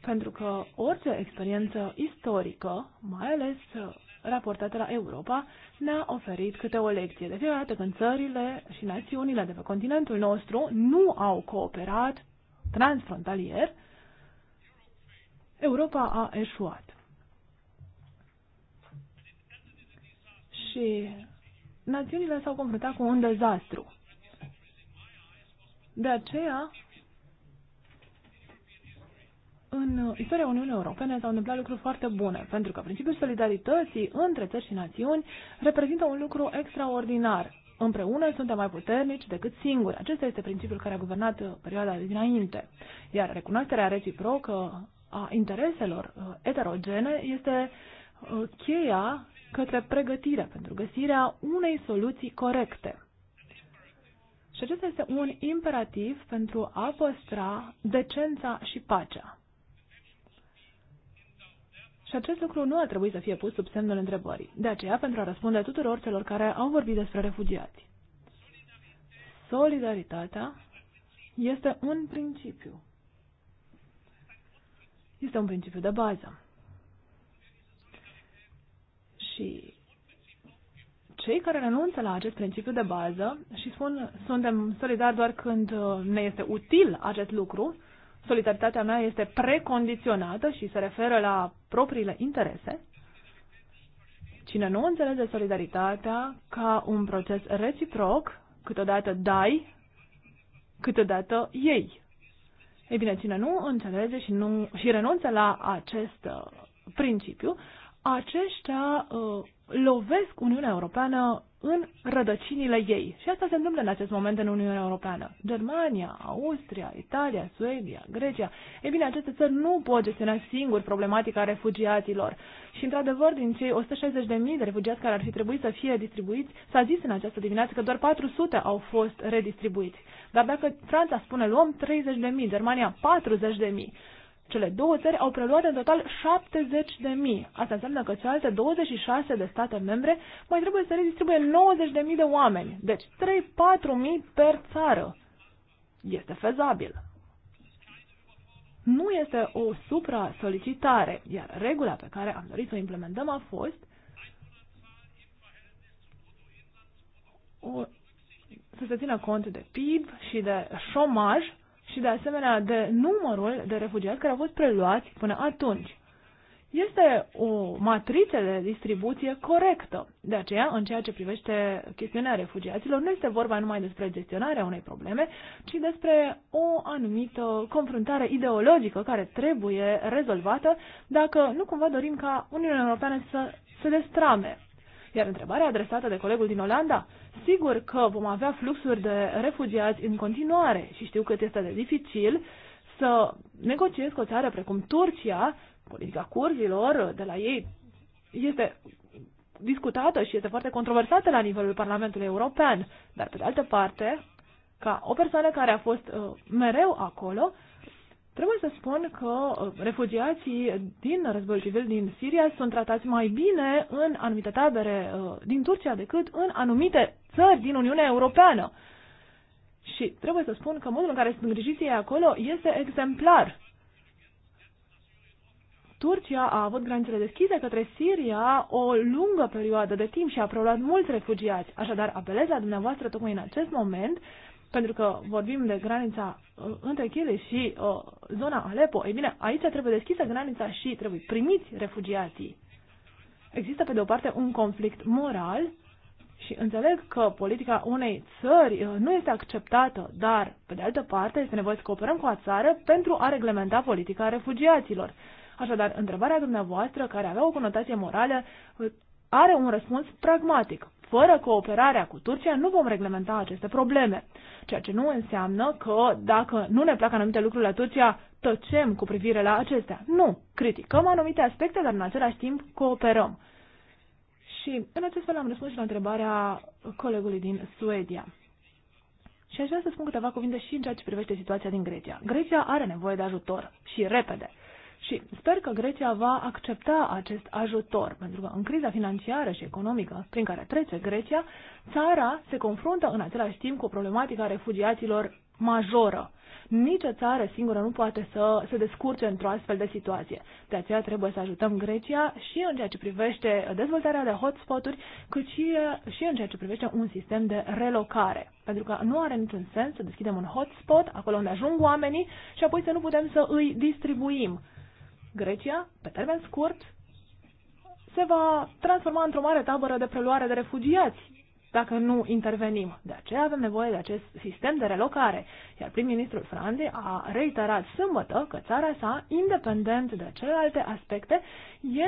Pentru că orice experiență istorică, mai ales uh, raportată la Europa, ne-a oferit câte o lecție. De fiecare dată când țările și națiunile de pe continentul nostru nu au cooperat transfrontalier, Europa a eșuat. Și națiunile s-au confruntat cu un dezastru. De aceea, în uh, istoria Uniunii Europene s-au întâmplat lucruri foarte bune, pentru că principiul solidarității între țări și națiuni reprezintă un lucru extraordinar. Împreună suntem mai puternici decât singuri. Acesta este principiul care a guvernat uh, perioada dinainte. Iar recunoașterea reciprocă a intereselor uh, eterogene este cheia către pregătirea pentru găsirea unei soluții corecte. Și acesta este un imperativ pentru a păstra decența și pacea. Și acest lucru nu ar trebui să fie pus sub semnul întrebării. De aceea, pentru a răspunde tuturor celor care au vorbit despre refugiați, solidaritatea este un principiu. Este un principiu de bază. Și cei care renunță la acest principiu de bază și spun suntem solidari doar când uh, ne este util acest lucru, solidaritatea mea este precondiționată și se referă la propriile interese. Cine nu înțelege solidaritatea ca un proces reciproc, câteodată dai, câteodată ei. Ei bine, cine nu înțelege și, nu, și renunță la acest uh, principiu, aceștia uh, lovesc Uniunea Europeană în rădăcinile ei. Și asta se întâmplă în acest moment în Uniunea Europeană. Germania, Austria, Italia, Suedia, Grecia. Ei bine, aceste țări nu pot gestiona singur problematica refugiaților. Și, într-adevăr, din cei 160.000 de refugiați care ar fi trebuit să fie distribuiți, s-a zis în această dimineață că doar 400 au fost redistribuiți. Dar dacă Franța spune luăm 30.000, Germania 40.000, cele două țări au preluat în total 70 de mii. Asta înseamnă că cealaltă 26 de state membre mai trebuie să redistribuie 90 de mii de oameni. Deci 3-4 mii per țară. Este fezabil. Nu este o supra-solicitare, iar regula pe care am dorit să o implementăm a fost o, să se țină cont de PIB și de șomaj și de asemenea de numărul de refugiați care au fost preluați până atunci. Este o matrice de distribuție corectă. De aceea, în ceea ce privește chestiunea refugiaților, nu este vorba numai despre gestionarea unei probleme, ci despre o anumită confruntare ideologică care trebuie rezolvată dacă nu cumva dorim ca Uniunea Europeană să se destrame. Iar întrebarea adresată de colegul din Olanda, sigur că vom avea fluxuri de refugiați în continuare și știu cât este de dificil să negociez cu o țară precum Turcia, politica curzilor de la ei este discutată și este foarte controversată la nivelul Parlamentului European, dar pe de altă parte, ca o persoană care a fost uh, mereu acolo, Trebuie să spun că uh, refugiații din războiul civil din Siria sunt tratați mai bine în anumite tabere uh, din Turcia decât în anumite țări din Uniunea Europeană. Și trebuie să spun că modul în care sunt îngrijiți ei acolo este exemplar. Turcia a avut granițele deschise către Siria o lungă perioadă de timp și a preluat mulți refugiați. Așadar, apelez la dumneavoastră tocmai în acest moment pentru că vorbim de granița uh, între Chile și uh, zona Alepo, ei bine, aici trebuie deschisă granița și trebuie primiți refugiații. Există, pe de o parte, un conflict moral și înțeleg că politica unei țări uh, nu este acceptată, dar, pe de altă parte, este nevoie să cooperăm cu o țară pentru a reglementa politica refugiaților. Așadar, întrebarea dumneavoastră, care avea o conotație morală, uh, are un răspuns pragmatic fără cooperarea cu Turcia nu vom reglementa aceste probleme. Ceea ce nu înseamnă că dacă nu ne plac anumite lucruri la Turcia, tăcem cu privire la acestea. Nu, criticăm anumite aspecte, dar în același timp cooperăm. Și în acest fel am răspuns și la întrebarea colegului din Suedia. Și aș vrea să spun câteva cuvinte și în ceea ce privește situația din Grecia. Grecia are nevoie de ajutor și repede. Și sper că Grecia va accepta acest ajutor, pentru că în criza financiară și economică prin care trece Grecia, țara se confruntă în același timp cu problematica refugiaților majoră. Nici o țară singură nu poate să se descurce într-o astfel de situație. De aceea trebuie să ajutăm Grecia și în ceea ce privește dezvoltarea de hotspot-uri, cât și, și în ceea ce privește un sistem de relocare. Pentru că nu are niciun sens să deschidem un hotspot acolo unde ajung oamenii și apoi să nu putem să îi distribuim Grecia, pe termen scurt, se va transforma într-o mare tabără de preluare de refugiați dacă nu intervenim. De aceea avem nevoie de acest sistem de relocare. Iar prim-ministrul Franței a reiterat sâmbătă că țara sa, independent de celelalte aspecte,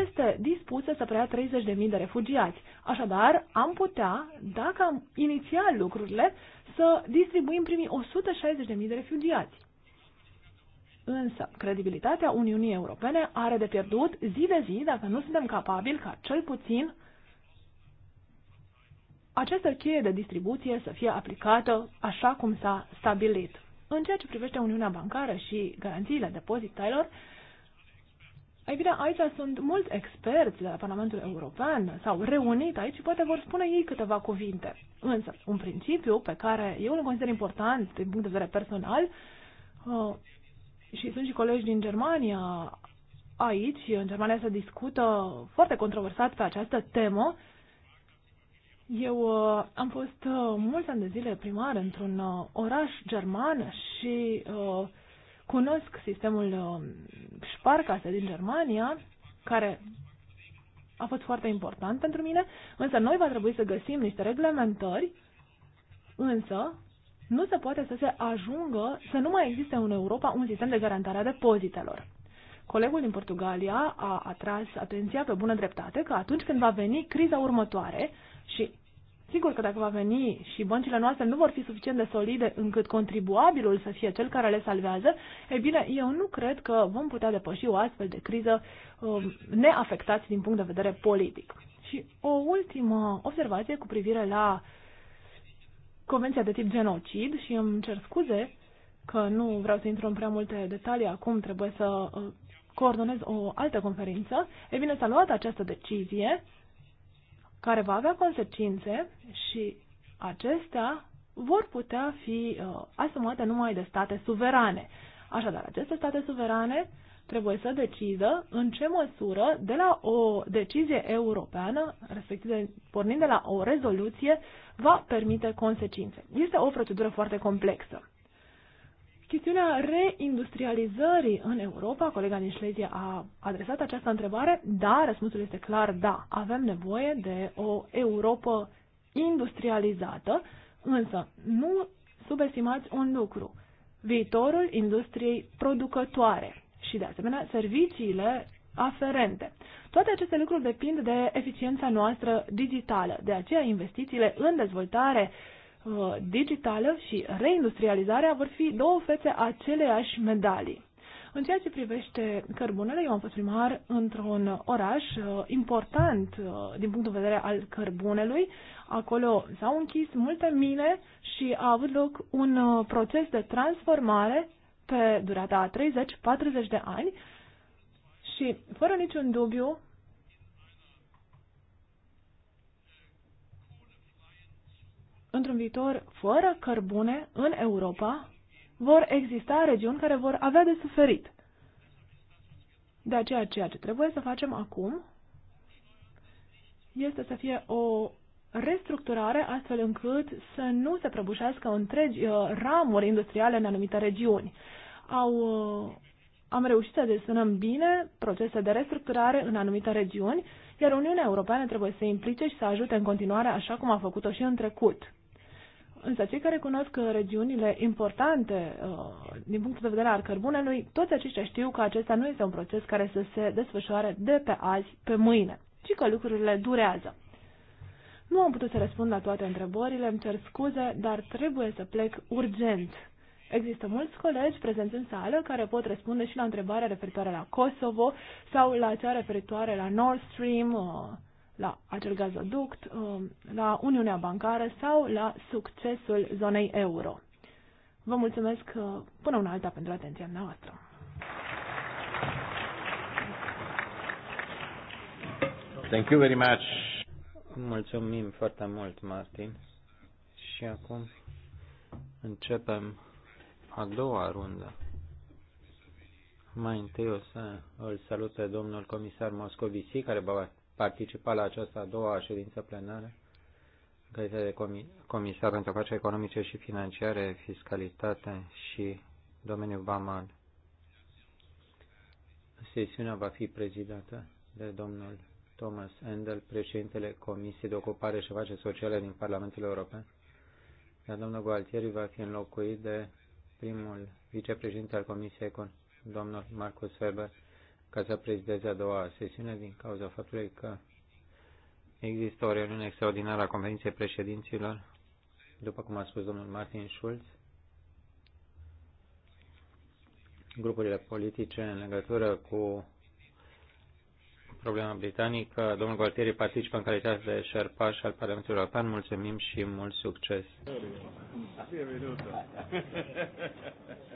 este dispusă să preia 30.000 de refugiați. Așadar, am putea, dacă am inițiat lucrurile, să distribuim primii 160.000 de refugiați. Însă, credibilitatea Uniunii Europene are de pierdut zi de zi dacă nu suntem capabili ca cel puțin această cheie de distribuție să fie aplicată așa cum s-a stabilit. În ceea ce privește Uniunea Bancară și garanțiile depozitelor, ai bine, aici sunt mulți experți de la Parlamentul European, s-au reunit aici și poate vor spune ei câteva cuvinte. Însă, un principiu pe care eu îl consider important din punct de vedere personal uh, și sunt și colegi din Germania aici, în Germania se discută foarte controversat pe această temă. Eu uh, am fost uh, mulți ani de zile primar într-un uh, oraș german și uh, cunosc sistemul uh, Sparkasse din Germania, care a fost foarte important pentru mine, însă noi va trebui să găsim niște reglementări, însă nu se poate să se ajungă să nu mai existe în Europa un sistem de garantare a depozitelor. Colegul din Portugalia a atras atenția pe bună dreptate că atunci când va veni criza următoare și sigur că dacă va veni și băncile noastre nu vor fi suficient de solide încât contribuabilul să fie cel care le salvează, e bine, eu nu cred că vom putea depăși o astfel de criză um, neafectați din punct de vedere politic. Și o ultimă observație cu privire la uh, convenția de tip genocid și îmi cer scuze că nu vreau să intru în prea multe detalii acum, trebuie să uh, coordonez o altă conferință. E bine, s-a luat această decizie care va avea consecințe și acestea vor putea fi uh, asumate numai de state suverane. Așadar, aceste state suverane trebuie să decidă în ce măsură de la o decizie europeană, respectiv pornind de la o rezoluție, va permite consecințe. Este o procedură foarte complexă. Chestiunea reindustrializării în Europa, colega din Șlezie a adresat această întrebare, da, răspunsul este clar, da, avem nevoie de o Europa industrializată, însă nu subestimați un lucru, viitorul industriei producătoare și, de asemenea, serviciile aferente. Toate aceste lucruri depind de eficiența noastră digitală. De aceea, investițiile în dezvoltare uh, digitală și reindustrializarea vor fi două fețe aceleași medalii. În ceea ce privește cărbunele, eu am fost primar într-un oraș uh, important uh, din punctul de vedere al cărbunelui. Acolo s-au închis multe mine și a avut loc un proces de transformare pe durata a 30-40 de ani și, fără niciun dubiu, într-un viitor fără cărbune în Europa, vor exista regiuni care vor avea de suferit. De aceea, ceea ce trebuie să facem acum este să fie o restructurare astfel încât să nu se prăbușească întregi uh, ramuri industriale în anumite regiuni. Au, uh, am reușit să desfășurăm bine procese de restructurare în anumite regiuni, iar Uniunea Europeană trebuie să se implice și să ajute în continuare așa cum a făcut-o și în trecut. Însă cei care cunosc regiunile importante uh, din punctul de vedere al cărbunelui, toți aceștia știu că acesta nu este un proces care să se desfășoare de pe azi pe mâine, ci că lucrurile durează. Nu am putut să răspund la toate întrebările, îmi cer scuze, dar trebuie să plec urgent. Există mulți colegi prezenți în sală care pot răspunde și la întrebarea referitoare la Kosovo sau la cea referitoare la Nord Stream, uh, la acel gazoduct, uh, la Uniunea Bancară sau la succesul zonei euro. Vă mulțumesc uh, până una alta pentru atenția noastră. Thank you very much. Mulțumim foarte mult, Martin. Și acum începem a doua rundă. Mai întâi o să îl salut pe domnul comisar Moscovici, care va participa la această a doua ședință plenară, care de comisar pentru afaceri economice și financiare, fiscalitate și domeniul vamal. Sesiunea va fi prezidată de domnul Thomas Endel, președintele Comisiei de Ocupare și Face Sociale din Parlamentul European, iar domnul Gualtieri va fi înlocuit de primul vicepreședinte al Comisiei Econ, domnul Marcus Weber, ca să prezideze a doua sesiune din cauza faptului că există o reuniune extraordinară a Conferinței Președinților, după cum a spus domnul Martin Schulz, grupurile politice în legătură cu problema britanică. Domnul Gualtieri participă în calitate de șerpaș al Parlamentului European. Mulțumim și mult succes!